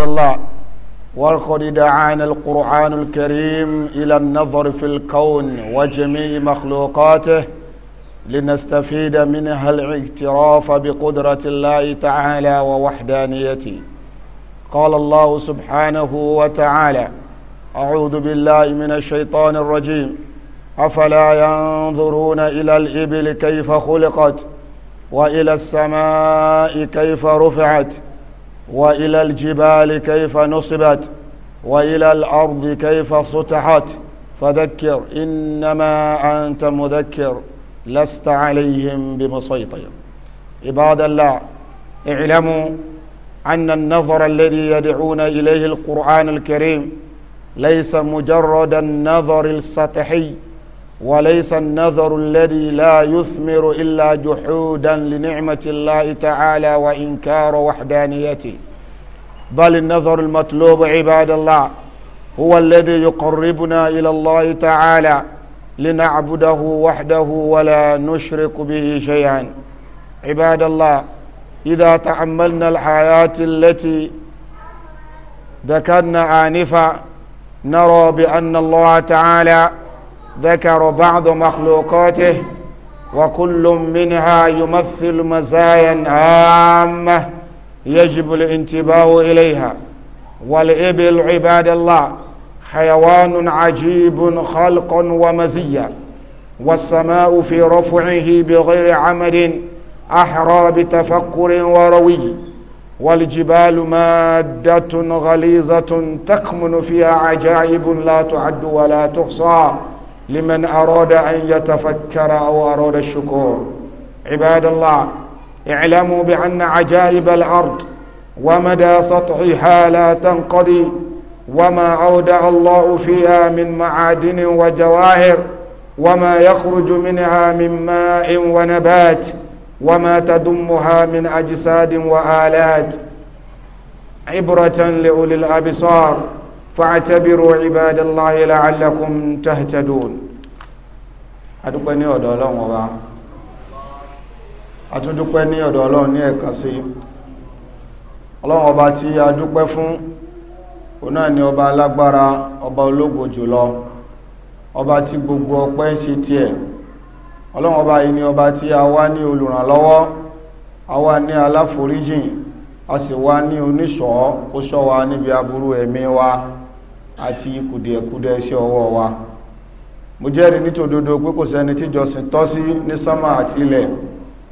عباد الله ولقد دعانا القرآن الكريم إلى النظر في الكون وجميع مخلوقاته لنستفيد منها الاعتراف بقدرة الله تعالى ووحدانيته قال الله سبحانه وتعالى أعوذ بالله من الشيطان الرجيم أفلا ينظرون إلى الإبل كيف خلقت وإلى السماء كيف رفعت وإلى الجبال كيف نصبت وإلى الأرض كيف سطحت فذكر إنما أنت مذكر لست عليهم بمسيطر عباد الله اعلموا أن النظر الذي يدعون إليه القرآن الكريم ليس مجرد النظر السطحي وليس النذر الذي لا يثمر إلا جحودا لنعمة الله تعالى وإنكار وحدانيته بل النذر المطلوب عباد الله هو الذي يقربنا إلى الله تعالى لنعبده وحده ولا نشرك به شيئا عباد الله إذا تأملنا الحياة التي ذكرنا آنفا نرى بأن الله تعالى ذكر بعض مخلوقاته وكل منها يمثل مزايا عامة يجب الانتباه إليها والإبل عباد الله حيوان عجيب خلقا ومزيا والسماء في رفعه بغير عمد أحرى بتفكر وروي والجبال مادة غليظة تكمن فيها عجائب لا تعد ولا تحصى لمن أراد أن يتفكر أو أراد الشكور عباد الله اعلموا بأن عجائب الأرض ومدى سطحها لا تنقضي وما أودع الله فيها من معادن وجواهر وما يخرج منها من ماء ونبات وما تدمها من أجساد وآلات عبرة لأولي الأبصار فاعتبروا عباد الله لعلكم تهتدون adúpẹ́ ní ọ̀dọ̀ ọlọ́run ọba atúndúpẹ́ ní ọ̀dọ̀ ọlọ́run ní ẹ̀kan sí ọlọ́run ọba tí a dúpẹ́ fún òun náà ni ọba alágbára ọba ológo jùlọ ọba tí gbogbo ọpẹ́ ń ṣe tiẹ̀ ọlọ́run ọba yìí ni ọba tí a wá ní olùrànlọ́wọ́ a wá ní aláforíjìn a sì wá ní oníṣọ́ kó ṣọ́ wa níbi aburú ẹ̀mí wa àti kùdìẹ̀kudẹ sí ọwọ́ wa mo jẹ́rìí nítòdodo pé kò sẹ́ni tíjọsìn tọ́ sí ní sánmà àti ilẹ̀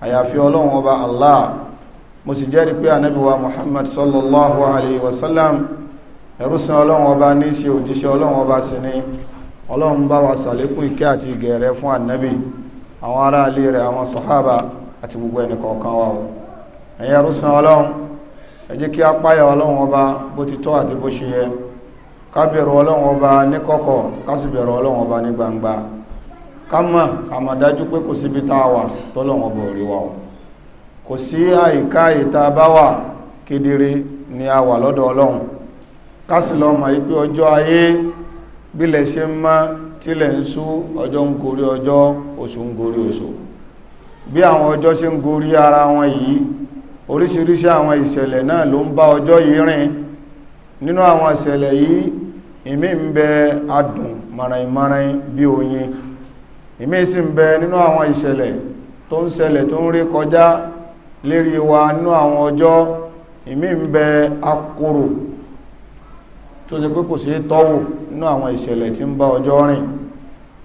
àyàfi ọlọ́run ọba allah mo sì jẹ́rìí pé ànábì muhammad sallallahu alayhi wa sallam ẹrú sin ọlọ́run ọba ní ṣe òjíṣẹ́ ọlọ́run ọba sí ni ọlọ́run bá wa sàlékún ìkẹ́ àti ìgẹ̀rẹ́ fún ànábì àwọn ará ilé rẹ̀ àwọn sọ̀hábà àti gbogbo ẹnì kọ̀ọ̀kan wa ẹ̀yin ẹrú sin ọlọ́run ẹ jẹ́ kí a ọlọ́run ọba bó ti tọ́ àti bó ṣe yẹ ká bẹ̀rù ọlọ́run ọba ní kọ̀kọ̀ ká sì bẹ̀rù ọlọ́run ọba ní gbangba ká mọ̀ àmọ̀dájú pé kò síbi tá a wà tọ́lọ́run ọba ò wa kò sí àyíká ìta bá wà kedere ni a wà lọ́dọ̀ ọlọ́run ká sì lọ mọ̀ pé ọjọ́ ayé bílẹ̀ ṣe ń mọ́ tílẹ̀ ń sú ọjọ́ ń gorí ọjọ́ oṣù ń gorí oṣù bí àwọn ọjọ́ ṣe ń gorí ara wọn yìí oríṣiríṣi àwọn ìṣẹ̀lẹ̀ náà ló ń bá ọjọ́ yìí rìn nínú àwọn ìṣẹ̀lẹ̀ yìí ìmí ń bẹ adùn mọ̀rànmọ́ràn bí oyin ìmí sì ń bẹ nínú àwọn ìṣẹ̀lẹ̀ tó ń sẹlẹ̀ tó ń rí kọjá lérí wa nínú àwọn ọjọ́ ń bẹ akoro tó ṣe pé kò sí tọ́wò nínú àwọn ìṣẹ̀lẹ̀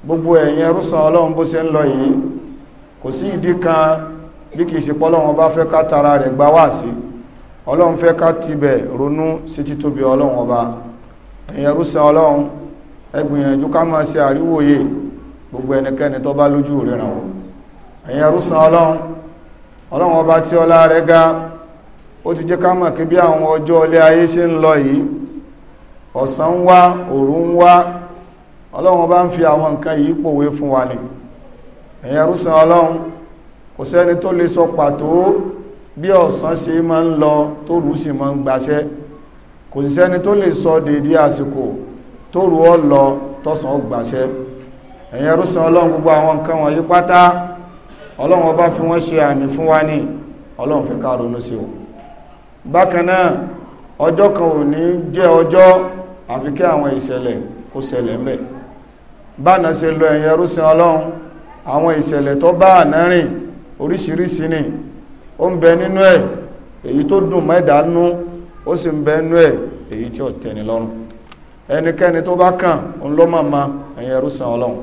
gbogbo ẹrúsàn ọlọ́run bó ṣe ń lọ kan bí ṣe pọ́lọ́run ọba tara rẹ̀ wá sí ọlọ́run fẹ́ ká tibẹ̀ ronú sí títóbi ọlọ́run èyàn rúsẹ̀ ọlọ́run ẹgbìyànjú gbìyànjú ká máa ṣe àríwòye gbogbo ẹnikẹ́ni tó bá lójú ríran o èyàn rúsẹ̀ ọlọ́run ọlọ́run ọba tí ọlá rẹ ga ó ti jẹ́ ká kí bí àwọn ọjọ́ ayé ṣe ń lọ yìí ọ̀sán ń wá ọba ń fi àwọn nǹkan yìí pòwe fún wa ni èyàn rúsẹ̀ ọlọ́run kò sẹ́ni tó lè sọ pàtó lọ tó sì máa ń kò sí sẹ́ni tó lè sọ dédé àsìkò tó rú ọ lọ tọ́sàn gbàṣẹ ẹ̀yẹn rúsan ọlọ́run gbogbo àwọn nǹkan wọ̀nyí pátá ọlọ́run ọba fi wọ́n ṣe àmì fún wa ní ọlọ́run fẹ́ ká ronú sí o bákan náà ọjọ́ kan ò ní jẹ́ ọjọ́ àfi kí àwọn ìṣẹ̀lẹ̀ kó ṣẹlẹ̀ mẹ́ bánà ṣe lọ ẹ̀yẹn rúsan ọlọ́run àwọn ìṣẹ̀lẹ̀ tó bá àná rìn oríṣiríṣi ni ó ń bẹ nínú ẹ̀ èyí tó dùn mẹ́dàánú ó sì ń bẹ́nu ẹ̀ èyí tí ò tẹ́ni lọ́rùn ẹnikẹ́ni tó bá kàn ń lọ́ màmá ẹ̀yìn ẹrú sàn ọlọ́run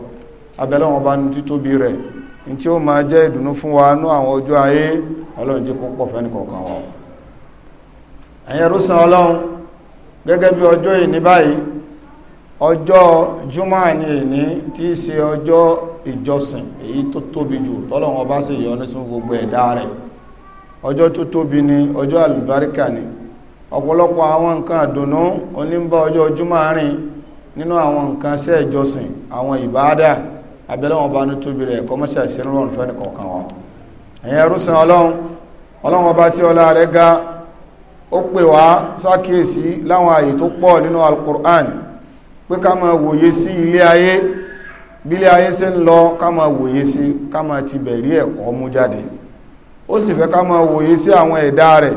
abẹ́lẹ́ wọn bá ní títóbi rẹ̀ ní ó máa ìdùnnú fún wa ní àwọn ojú ayé ọlọ́run jẹ́ kó pọ̀ fẹ́ni kọ̀ọ̀kan wa ẹ̀yìn ẹrú sàn ọlọ́run gẹ́gẹ́ bí báyìí tí í ṣe ìjọsìn ni àlùbáríkà ni ọ̀pọ̀lọpọ̀ àwọn nǹkan àdùnnú onímbà ọjọ́ ojúmọ́ àárín nínú àwọn nǹkan sí ẹ̀jọsìn àwọn ìbáadà abẹ́lẹ́wọ̀n bá ní tóbi rẹ̀ kọmọ́ṣà ìṣẹ́lọ́rùn fẹ́ nìkọ̀ọ̀kan wọn ẹ̀yìn ẹrúsìn ọlọ́run ọlọ́run ọba tí ọlá rẹ̀ ga ó pè wá sákìyèsí láwọn àyè tó pọ̀ nínú alukur'an pé ká máa wòye sí ilé ayé bí ilé ayé ṣe ń lọ ká máa wòye sí ká máa ti bẹ̀rí ẹ̀kọ́ mú jáde ó sì fẹ́ ká máa wòye sí àwọn ẹ̀dá rẹ̀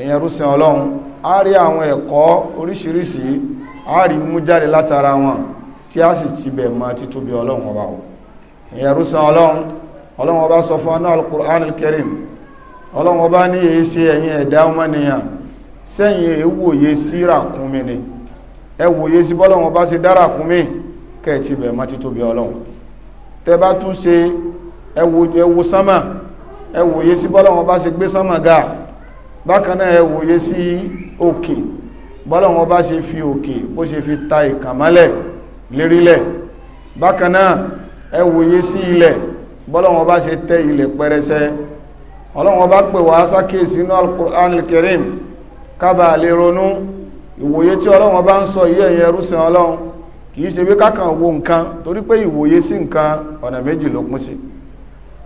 ẹ̀yẹn rúsìn ọlọ́run a rí àwọn ẹ̀kọ́ oríṣiríṣi a rí mú jáde látara wọn tí a sì ti bẹ̀ mọ́ títóbi ọlọ́run ọba o ẹ̀yẹn rúsìn ọlọ́run ọlọ́run ọba sọ fún anáà al-Qur'an al-Karim ọlọ́run ọba ní èyí ṣe ẹ̀yin ẹ̀dá ọmọnìyàn sẹ́yìn ewòye sí ràkúnmí ni ẹ wòye sí bọ́lọ́run ọba ṣe dá ràkúnmí kẹ́ẹ̀ ti bẹ̀ mọ́ títóbi ọlọ́run tẹ́ bá tún ṣe ẹ wò sánmà ẹ wòye sí bọ́lọ́run ọba ṣe gbé sánmà gáà bákan náà ẹ wòye sí òkè bọ́lọ̀wọ́n bá ṣe fi òkè bó ṣe fi ta ìkàmálẹ̀ lérílẹ̀ bákan náà ẹ wòye sí ilẹ̀ bọ́lọ̀wọ́n bá ṣe tẹ ilẹ̀ pẹrẹsẹ ọlọ́wọ́n bá pè wá sákèsí inú Al-Qur'an Al-Karim kábà lè ronú ìwòye tí ọlọ́wọ́n bá ń sọ yí ẹ̀yẹ rúsìn ọlọ́run kìí ṣe bí kákan wo nǹkan torí pé ìwòye sí nǹkan ọ̀nà méjì ló pín sí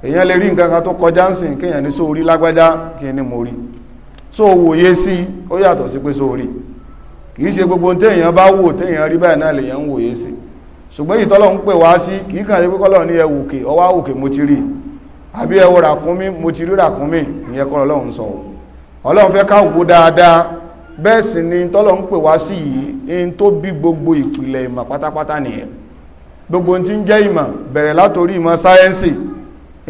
èèyàn lè rí nǹkan kan tó kọjá ń sìn kéèyàn ní sóorí lágbájá kí ni mo rí so wòye sí ó yàtọ̀ sí pé sórí kìí ṣe gbogbo téèyàn bá wò téèyàn rí báyìí náà lèèyàn ń wòye sí ṣùgbọ́n èyí tọ́lọ́run ń pè wá sí kìí kàn ṣe pé kọ́lọ́run ní ẹwù òkè ọwá òkè mo ti rí àbí ẹwù ràkúnmí mo ti rí ràkúnmí ìyẹn ọlọ́run sọ ọlọ́run fẹ́ ká dáadáa bẹ́ẹ̀ sì ni tọ́lọ́run ń pè wá sí yìí in tó bí gbogbo ìpìlẹ̀ ìmọ̀ pátápátá nìyẹn gbogbo tí ń jẹ́ ìmọ̀ bẹ̀rẹ̀ látorí ìmọ̀ sáyẹ́ǹsì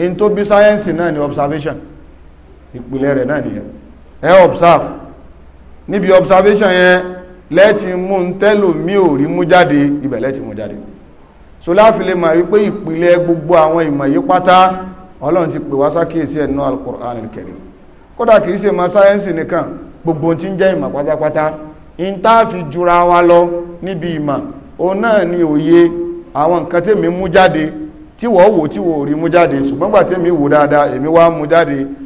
in tó bí sáyẹ́ǹsì náà ni observation ìpìlẹ̀ rẹ̀ náà nìyẹn ẹ observe níbi observation yẹn lẹ́ẹ̀tì mú ń tẹ́lò mí ò rí mú jáde ibẹ̀ lẹ́ẹ̀tì mú jáde so láfi lè máa wípé ìpìlẹ̀ gbogbo àwọn ìmọ̀ yí pátá ọlọ́run ti pè wá sákèsí ẹ̀nà al-Qur'an al-Karim kódà kìí ṣe máa sáyẹ́nsì nìkan gbogbo tí ń jẹ́ ìmọ̀ pátápátá in tá fi jura wa lọ níbi ìmọ̀ òun náà ni òye àwọn nǹkan tèmi mú jáde tí wọ́n wò tí wò rí mú jáde ṣùgbọ́n gbà tèmi wò dáadáa èmi wá mú jáde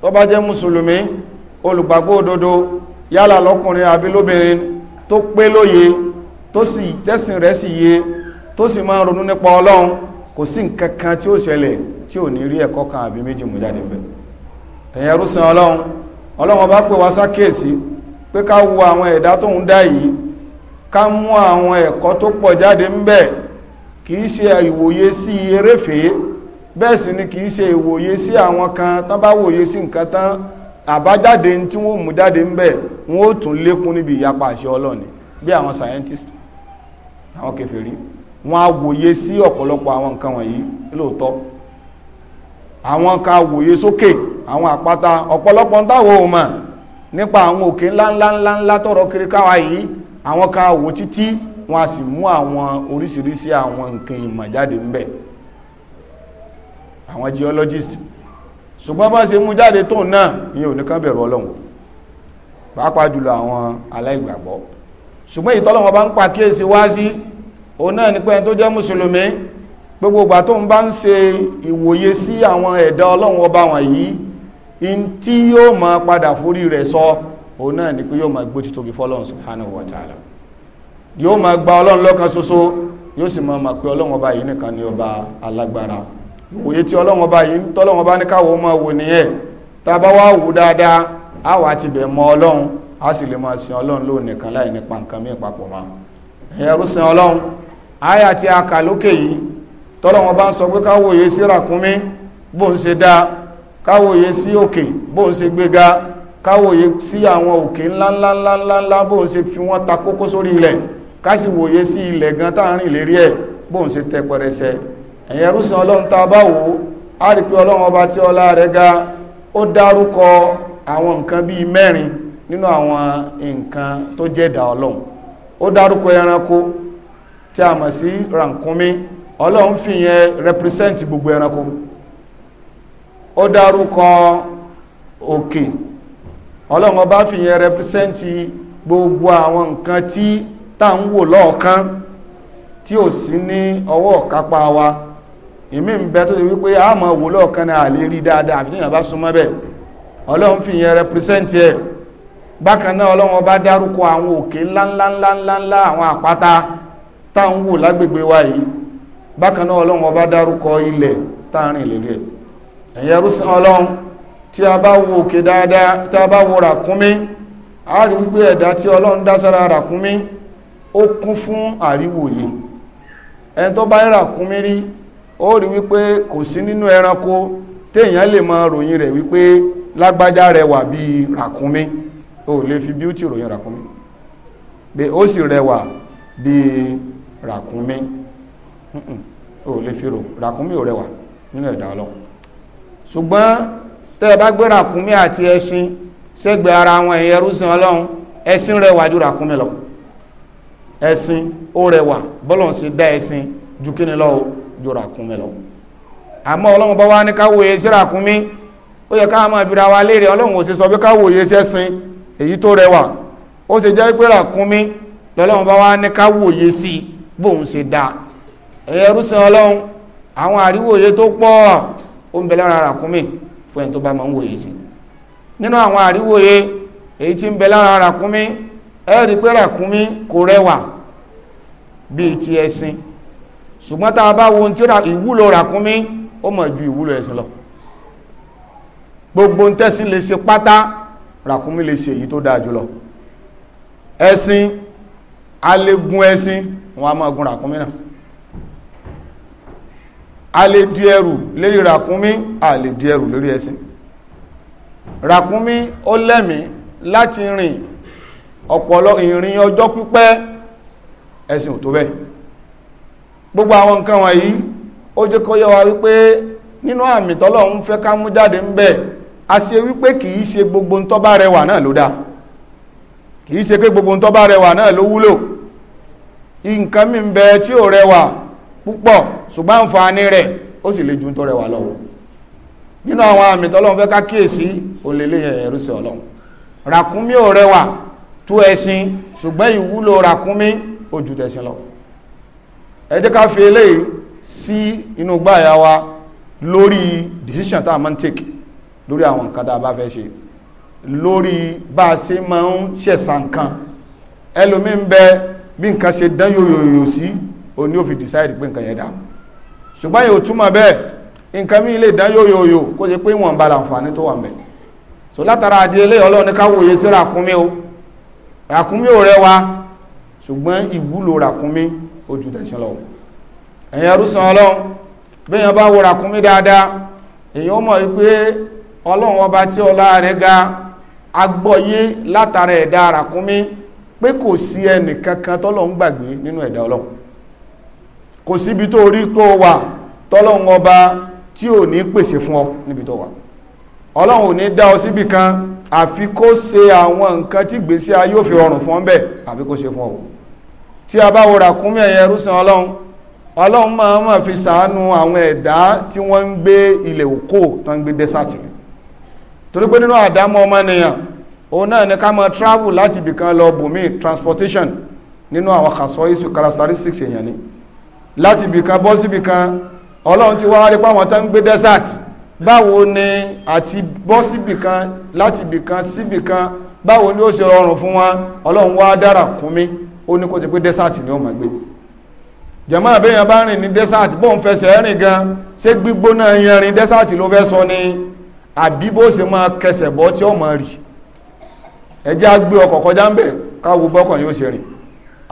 tó bá jẹ́ mùsùlùmí olùgbàgbọ́ òdodo yálà lọ́kùnrin àbí lóbìnrin tó pé lóye tó sì tẹ́sìn rẹ̀ sì yé tó sì máa ronú nípa ọlọ́run kò sí nǹkan kan tí ó ṣẹlẹ̀ tí ò ní rí ẹ̀kọ́ kan àbí méjì mú jáde bẹ̀ ẹ̀yẹ rúsan ọlọ́run ọlọ́run ọba pè wá sákèèsí pé ká wo àwọn ẹ̀dá tóun dá yìí ká mú àwọn ẹ̀kọ́ tó pọ̀ jáde ń bẹ̀ kì í ṣe ìwòye sí eréfèé bẹ́ẹ̀ sì ni kìí ṣe ìwòye sí àwọn kan tán bá wòye sí nǹkan tán àbájáde tí wọ́n mú jáde ń bẹ̀ wọ́n ó tún lékún níbi ìyapa àṣẹ ọlọ́ni bí àwọn scientist àwọn kèfèrí wọ́n á wòye sí ọ̀pọ̀lọpọ̀ àwọn nǹkan wọ̀nyí lóòótọ́ àwọn ká wòye sókè àwọn àpáta ọ̀pọ̀lọpọ̀ ń táwọ̀ ò mọ̀ nípa àwọn òkè ńláńláńlá tọrọ kiri káwa yìí àwọn ká wò títí wọn a sì mú àwọn oríṣiríṣi àwọn nǹkan ìmọ̀ jáde ń bẹ̀ àwọn geologist ṣùgbọ́n bá ṣe mú jáde tóun náà ní oníkan bẹ̀rù ọlọ́run pàápàá jùlọ àwọn aláìgbàgbọ́ ṣùgbọ́n ìtọ́lọ́wọ́ bá ń pa kíyèsí wá sí òun náà ní pé ẹni tó jẹ́ mùsùlùmí gbogbo ìgbà tó ń bá ń ṣe ìwòye sí àwọn ẹ̀dá ọlọ́run ọba wọn yìí in tí yóò máa padà forí rẹ̀ sọ òun náà ní pé yóò máa gbójú tóbi fọ́lọ́run subhanahu wa yóò máa gba ọlọ́run lọ́kan ṣoṣo yóò sì máa mọ̀ pé ọlọ́run ọba yìí nìkan ni ọba alágbára ìwòye tí ọlọ́run ọba yìí tọ́lọ́run ọba ní káwọ́ máa wò nìyẹn tá a bá wá wò dáadáa a wà ti bẹ̀ mọ ọlọ́run a sì lè máa sin ọlọ́run lóun nìkan láì nípa nǹkan míì papọ̀ mọ́ ẹ̀rú sin ọlọ́run àyà tí a kà lókè yìí tọ́lọ́run ọba ń sọ pé káwòye sí ràkúnmí bó ń ṣe dáa káwòye sí òkè bó ń ṣe gbéga káwòye sí àwọn òkè ńláńláńláńlá bó ń ṣe fi wọ́n ta kókó sórí ilẹ̀ ká sì wòye sí ilẹ̀ gan táàrin lérí ẹ̀ bó ń ṣe tẹ́ pẹrẹsẹ ẹ̀yẹn rúsìn ọlọ́run tá a bá wò ó a rí pé ọlọ́run ọba tí ọlá rẹ̀ ga ó dárúkọ àwọn nǹkan bíi mẹ́rin nínú àwọn nǹkan tó jẹ́ ẹ̀dá ọlọ́run ó dárúkọ ẹranko tí a mọ̀ sí rànkúnmí ọlọ́run fi yẹn represent gbogbo ẹranko ó dárúkọ òkè ọlọ́run ọba fi yẹn represent gbogbo àwọn nǹkan tí tá ń wò lọ́ọ̀kan tí ò sí ní ọwọ́ ìkápá wa ìmí ń bẹ tó ti wípé a máa wò lọ́ọ̀kan náà lè rí dáadáa àbí tíyàn bá súnmọ́ bẹ́ẹ̀ ọlọ́run fi ẹ̀ bákan náà ọlọ́run ọba dárúkọ àwọn òkè ńláńláńláńlá àwọn àpáta táwọn wò lágbègbè wa yìí bákan ọba dárúkọ ilẹ̀ táàrin ẹ̀yẹ ọlọ́run tí a bá wo òkè dáadáa tí a bá wo ràkúnmí a fún ẹni tó bá ó rí wípé kò sí nínú ẹranko téèyàn lè mọ ròyìn rẹ̀ wípé lágbájá rẹwà bíi ràkúnmí ó lè fi bíútì ròyìn ràkúnmí pé ó sì rẹwà bíi ràkúnmí ó lè fi rò ràkúnmí ò rẹwà nínú ẹ̀dá ọlọ́run ṣùgbọ́n tẹ́ ẹ bá gbé ràkúnmí àti ẹṣin sẹ́gbẹ̀ẹ́ ara wọn ẹ̀yẹ rúsìn ọlọ́run ẹṣin rẹwà ju ràkúnmí lọ ẹṣin ó rẹwà bọ́lọ̀ ń ṣe dá ẹṣin ju kíni lọ o ju ràkúnmí lọ àmọ́ ọlọ́run bá wá ní ká wòye sí ràkúnmí ó yẹ máa bira wa léèrè ò sì sọ pé ká wòye sẹ́sìn èyí tó rẹwà ó sì jẹ́ pé ràkúnmí lọ́lọ́run bá wá ní ká wòye sí bóun ṣe dáa rúṣin àwọn àríwòye tó ó ń bẹ lára fún ẹni tó bá máa ń wòye sí nínú àwọn àríwòye èyí tí ń ṣùgbọ́n tá a bá wo ohun tí ìwúlò ràkúnmí ó mọ̀ ju ìwúlò ẹ̀sìn lọ gbogbo ń tẹ́sí lè ṣe pátá ràkúnmí lè ṣe èyí tó dáa jùlọ ẹ̀sìn alégún ẹ̀sìn wọn a máa gun ràkúnmí náà a lè di ẹrù lérí ràkúnmí a di ẹrù lérí ẹ̀sìn ràkúnmí ó lẹ́mí láti rìn ọ̀pọ̀lọ ìrìn ọjọ́ pípẹ́ ẹ̀sìn ò tó bẹ́ẹ̀ gbogbo àwọn nǹkan wọ̀nyí ó jẹ́ kó wa wípé nínú àmì tọ́lọ̀ ń fẹ́ ká mú jáde ń bẹ̀ a ṣe wípé kìí gbogbo ń tó bá rẹwà náà ló dá gbogbo ń tó bá lo náà ló wúlò nǹkan mi ń bẹ tí ò rẹwà púpọ̀ ṣùgbọ́n àǹfààní rẹ̀ ó sì le ju tó ẹ jẹ́ ká fi eléyìí sí inú gbáyà wa lórí decision tá a máa lórí àwọn nǹkan tá a bá fẹ́ ṣe lórí bá a ṣe máa ń ṣẹ̀sà nǹkan ẹlòmí ń bẹ bí nǹkan ṣe dán yòyòyò sí o ní ó decide pé nǹkan yẹn dá ṣùgbọ́n yóò túmọ̀ bẹ́ẹ̀ nǹkan mi lè dán yòyòyò kó ṣe pé ìwọ̀nba làǹfààní tó wà ń bẹ so látara àdí ọlọ́run ká wòye sí ràkúnmí o ràkúnmí ò rẹwà ṣùgbọ́n ìwúlò ràkúnmí ó ju tẹ̀sán lọ ẹ̀yìn arúsàn ọlọ́run bẹ́yàn bá wo ràkúnmí dáadáa èyàn mọ̀ wípé ọlọ́run ọba tí ọlá rẹ̀ ga agbọ́yé látara ẹ̀dá ràkúnmí pé kò sí ẹnì kankan tọ́lọ́run gbàgbé nínú ẹ̀dá ọlọ́run kò síbi tó rí tó wà tọ́lọ́run ọba tí ò ní pèsè fún ọ níbi tó wà ọlọ́run ò ní dá ọ síbi kan àfi kó ṣe àwọn nǹkan tí gbèsè ayé òfin ọrùn fún ọ bẹ́ẹ̀ àfi kó ṣe fún ọ tí a bá wo ràkúnmí ẹ̀yẹ rúsàn ọlọ́run ọlọ́run máa ma fi sàánú àwọn ẹ̀dá tí wọ́n ń gbé ilẹ̀ òkò tó ń gbé dẹ́sàtì torí pé nínú àdámọ́ ọmọnìyàn òun náà ni ká máa travel láti ibìkan lọ bòmí transportation nínú àwọn kàṣọ isu characteristics èèyàn ni láti ibìkan bọ́ síbìkan ọlọ́run ti wá rí páwọn tó ń gbé desert báwo ni àti bọ́ síbìkan láti ibìkan síbìkan báwo ni ó ṣe rọrùn fún wọn ọlọ́run wá dára kún mi ó ní kó ti pé dẹ́sàtì ni ó máa gbé jẹ̀mọ́ àbẹ́yàn bá rìn ní dẹ́sàtì bóun fẹsẹ̀ rìn gan ṣé gbígbóná yanrin dẹ́sàtì ló fẹ́ sọ ni àbí bó ṣe máa kẹsẹ̀ bọ́ tí ó máa rì ẹjẹ́ á gbé ọkọ̀ kọjá ń bẹ̀ káwo bọ́kàn yóò ṣe rìn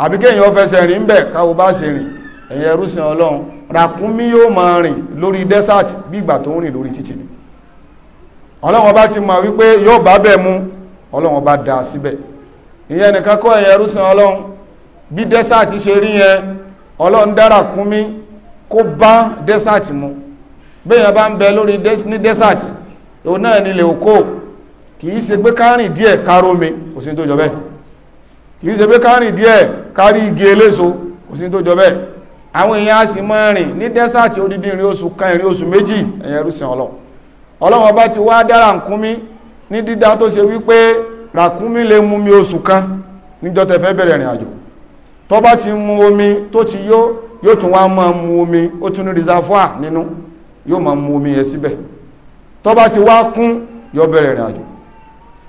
àbí kéèyàn ó fẹsẹ̀ rìn ń bẹ̀ káwo bá ṣe rìn ẹ̀yẹ rúṣin ọlọ́run ràkúnmí yóò máa rìn lórí dẹ́sàtì bí ìgbà tó ń rìn lórí títì ọlọ́run ọba ti mọ̀ wípé yóò bá bẹ̀ mú ọlọ́run ọba dà síbẹ̀ ìyẹn nìkan kọ́ ẹ̀yẹ rúṣin ọlọ́run bí desert ṣe rí yẹn ọlọ́run dára kún mí kó bá desert mu bẹ́yàn bá ń bẹ lórí ní dẹ́sàtì náà nílẹ̀ òkó kì ṣe pé kárìn díẹ̀ tó ṣe pé kárìn díẹ̀ kárí igi eléso tó àwọn èèyàn a sì máa rìn ní dẹ́sàtì odidi ìrìn oṣù kan oṣù méjì ẹ̀yẹn rúṣin ọlọ. ọba ti wá dára mi ní dídá tó ṣe wípé ràkúnmí lè mú kan níjọ́ tẹ́fẹ́ bẹ̀rẹ̀ ìrìn tó bá ti mu omi tó ti yó yóò tún wá máa mu omi ó tún ní reservoir nínú yóò máa mu omi yẹn síbẹ̀ tó bá ti wá kún yóò bẹ̀rẹ̀ ìrìn àjò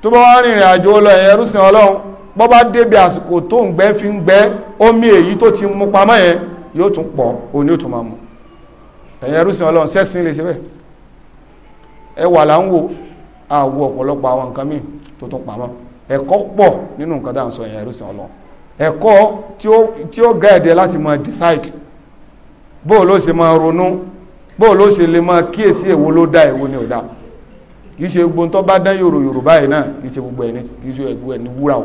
tó bá wá rìnrìn àjò lọ ẹ̀yẹ rúsìn ọlọ́run bọ́ bá débi àsìkò tó ń gbẹ́ fi ń gbẹ́ omi èyí tó ti mu pamọ́ yẹn yóò tún pọ̀ òní ó tún máa mu ẹ̀yẹ rúsìn ọlọ́run sẹ́sìn lè ṣe ẹ wà là ń wo àwo ọ̀pọ̀lọpọ̀ àwọn nǹkan míì tó tún pamọ́ ẹ̀kọ́ pọ̀ nínú nǹkan dáhùn sọ ẹ̀yẹ rúsìn ọlọ́run ẹ̀kọ́ tí ó gáẹ̀dẹ̀ láti máa decide bóò ló ṣe máa ronú bóò ló ṣe lè máa kíyèsí èwo ló dá èwo ni ò dá kìí ṣe gbogbo tó bá dán yòrò yòrò báyìí náà kìí gbogbo ẹni kìí ṣe ẹni wúrà o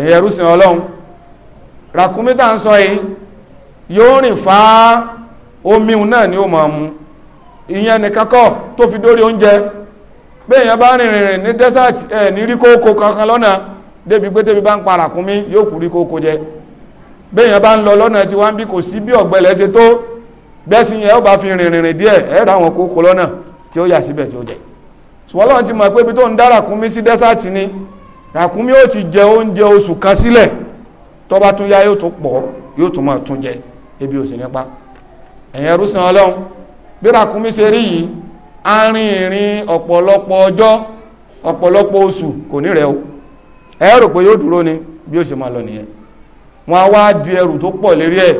ẹ̀yin ẹrú ọlọ́run ràkúnmí ń sọ yìí yóò rìn fa omi náà ni ó máa mu ìyẹn nìkan kọ́ tó fi dórí oúnjẹ bẹ́ẹ̀ yẹn bá rìnrìn rìn ní dẹ́sàtì ẹ̀ ní rí kókó kankan lọ́nà débi pé tébi bá ń pa ràkúnmí yóò kúrí kókó jẹ béèyàn bá ń lọ lọ́nà tí wọ́n ń bí kò sí bí ọ̀gbẹ́lẹ̀ ṣe tó bẹ́sìn yẹn ó bá fi rìnrìn rìn díẹ̀ ẹ̀ rà wọn kókó lọ́nà tí ó yà síbẹ̀ tí ó jẹ ṣùgbọ́n lọ́n ti mọ̀ pé ibi tó ń dá ràkúnmí sí dẹ́sàtì ni ràkúnmí ó ti jẹ oúnjẹ oṣù kan sílẹ̀ tó bá tún yá yóò tún pọ̀ yóò tún máa tún jẹ ebi ò sì nípa ẹ̀yẹn rúsan ọlọ́run bí ràkúnmí ṣe rí yìí arìnrìn ọ̀pọ̀lọpọ̀ ọjọ́ ọ̀pọ̀lọpọ̀ oṣù kò ní rẹ̀ o ẹ rò pé yóò dúró ni bí ó ṣe máa lọ nìyẹn wọn á wá di ẹrù tó pọ̀ lérí ẹ̀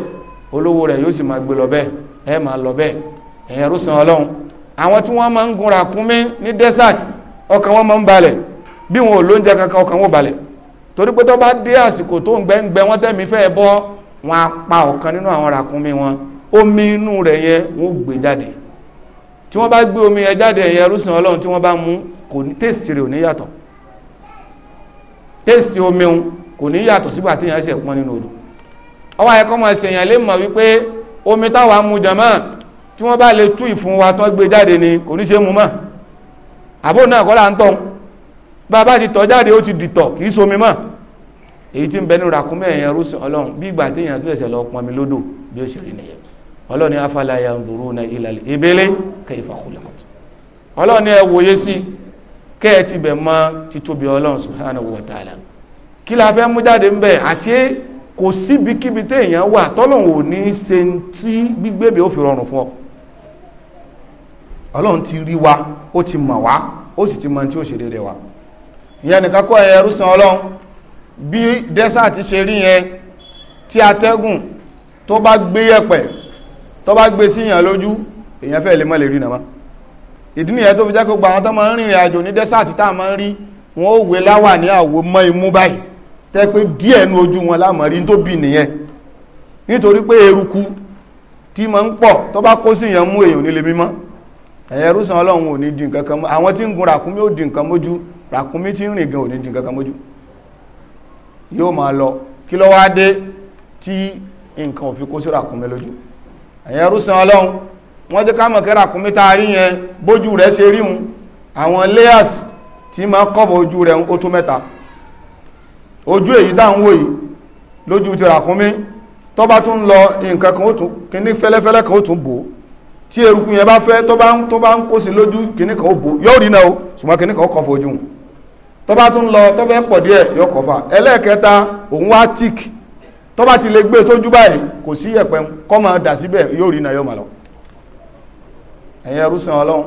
olówó rẹ̀ yóò sì máa gbé lọ bẹ́ẹ̀ ẹ máa lọ bẹ́ẹ̀ ẹ̀yìn ẹrú san ọlọ́run àwọn tí wọ́n máa ń gun ràkúnmí ní desert ọkàn wọn máa ń balẹ̀ bí wọn ò lóúnjẹ kankan ọkàn wọn balẹ̀ torí pé tó bá dé àsìkò tó ń gbẹ́ngbẹ wọn tẹ̀mí fẹ́ bọ́ wọn á pa ọ̀kan nínú àwọn ràkúnmí wọn omi inú rẹ̀ yẹn wọn ò gbé jáde tí wọ́n bá gbé omi yẹn jáde ẹ̀yìn ẹrú san ọlọ́run tí wọ́n bá mú kò ní tèsítì rẹ̀ ò ní yàtọ̀ tẹ́sí omi òun kò ní yàtọ̀ sígbà tí èèyàn ṣe pọn nínú odò ọwọ́ ayẹkọ́ máa ṣe èèyàn lè mọ̀ wípé omi táwa mu jàmọ́ tí wọ́n bá lè tú ìfun wa tán gbé jáde ni kò ní ṣe mu mọ́ àbò náà kọ́ là ń tọ́ bàbá ti tọ́ jáde ó ti dìtọ̀ kì í somi mọ́ èyí tí ń bẹ ní ràkúnmẹ́ èèyàn rúṣin ọlọ́run bí ìgbà tí èèyàn tún ẹ̀sẹ̀ lọ pọn mi lódò bí ó ṣe rí nìyẹn ọlọ́run afala yanzuruna ilal ibili kayfa khulqat ọlọ́run ẹ wòye kẹ́ ẹ ti bẹ̀ mọ̀ títóbi ọlọ́run subhanahu wa ta'ala kí la fẹ́ mú jáde ń bẹ̀ àṣé kò síbikíbi téèyàn wà tọ́lọ́run ò ní í ṣe tí gbígbébè ó fi rọrùn fún ọ ọlọ́run ti rí wa ó ti mọ̀ wá ó sì ti mọ̀ tí ó ṣe déédéé wa ìyẹn nìkan kọ́ ẹ̀rú san ọlọ́run bí dẹ́sàtì ṣe rí yẹn tí atẹ́gùn tó bá gbé yẹ̀pẹ̀ tó bá gbé síyàn lójú èèyàn fẹ́ lè mọ́ lè rí nàmá ìdí nìyẹn tó fi jẹ́ kó gba àwọn tó máa ń rìnrìn àjò ní dẹ́sàtì tá a máa ń rí wọn ó wé láwà ní àwọ mọ́ imú báyìí tẹ́ pé díẹ̀ ní ojú wọn lámọ̀ rí tó bì nìyẹn nítorí pé eruku tí ma ń pọ̀ tó bá kó sí yẹn mú èèyàn nílé mímọ́ ẹ̀yẹ ọlọ́run ò ní di nǹkan kan mọ́ àwọn tí ń gun ràkúnmí ò di nǹkan ràkúnmí tí ń rìn gan ò ní di nǹkan kan lọ kí ló wá dé tí nǹkan ò fi kó sí wọ́n jẹ́ ká mọ̀ kẹ́ra kún mítà rí yẹn bójú rẹ̀ ṣe rí hun àwọn layers tí máa kọ́bọ̀ ojú rẹ̀ ó tó mẹ́ta ojú èyí dá ń wò yìí lójú ti ràkúnmí tó bá tún lọ nǹkan kan ó tún kíní fẹ́lẹ́fẹ́lẹ́ kan ó tún bò tí eruku yẹn bá fẹ́ tó bá ń tó bá ń kó sí lójú kíní kan ó bò yóò rí náà ṣùgbọ́n kíní kan ó kọfọ ojú tó bá tún lọ tó fẹ́ pọ̀ díẹ̀ yóò kọfà ẹlẹ́ẹ̀kẹta òun wá tíìkì tó bá ti lè gbé e sójú báyìí kò sí yẹ̀pẹ̀ kọ́ dà síbẹ̀ yóò rí náà yóò máa lọ ẹ̀yin ẹrúsìn ọlọ́run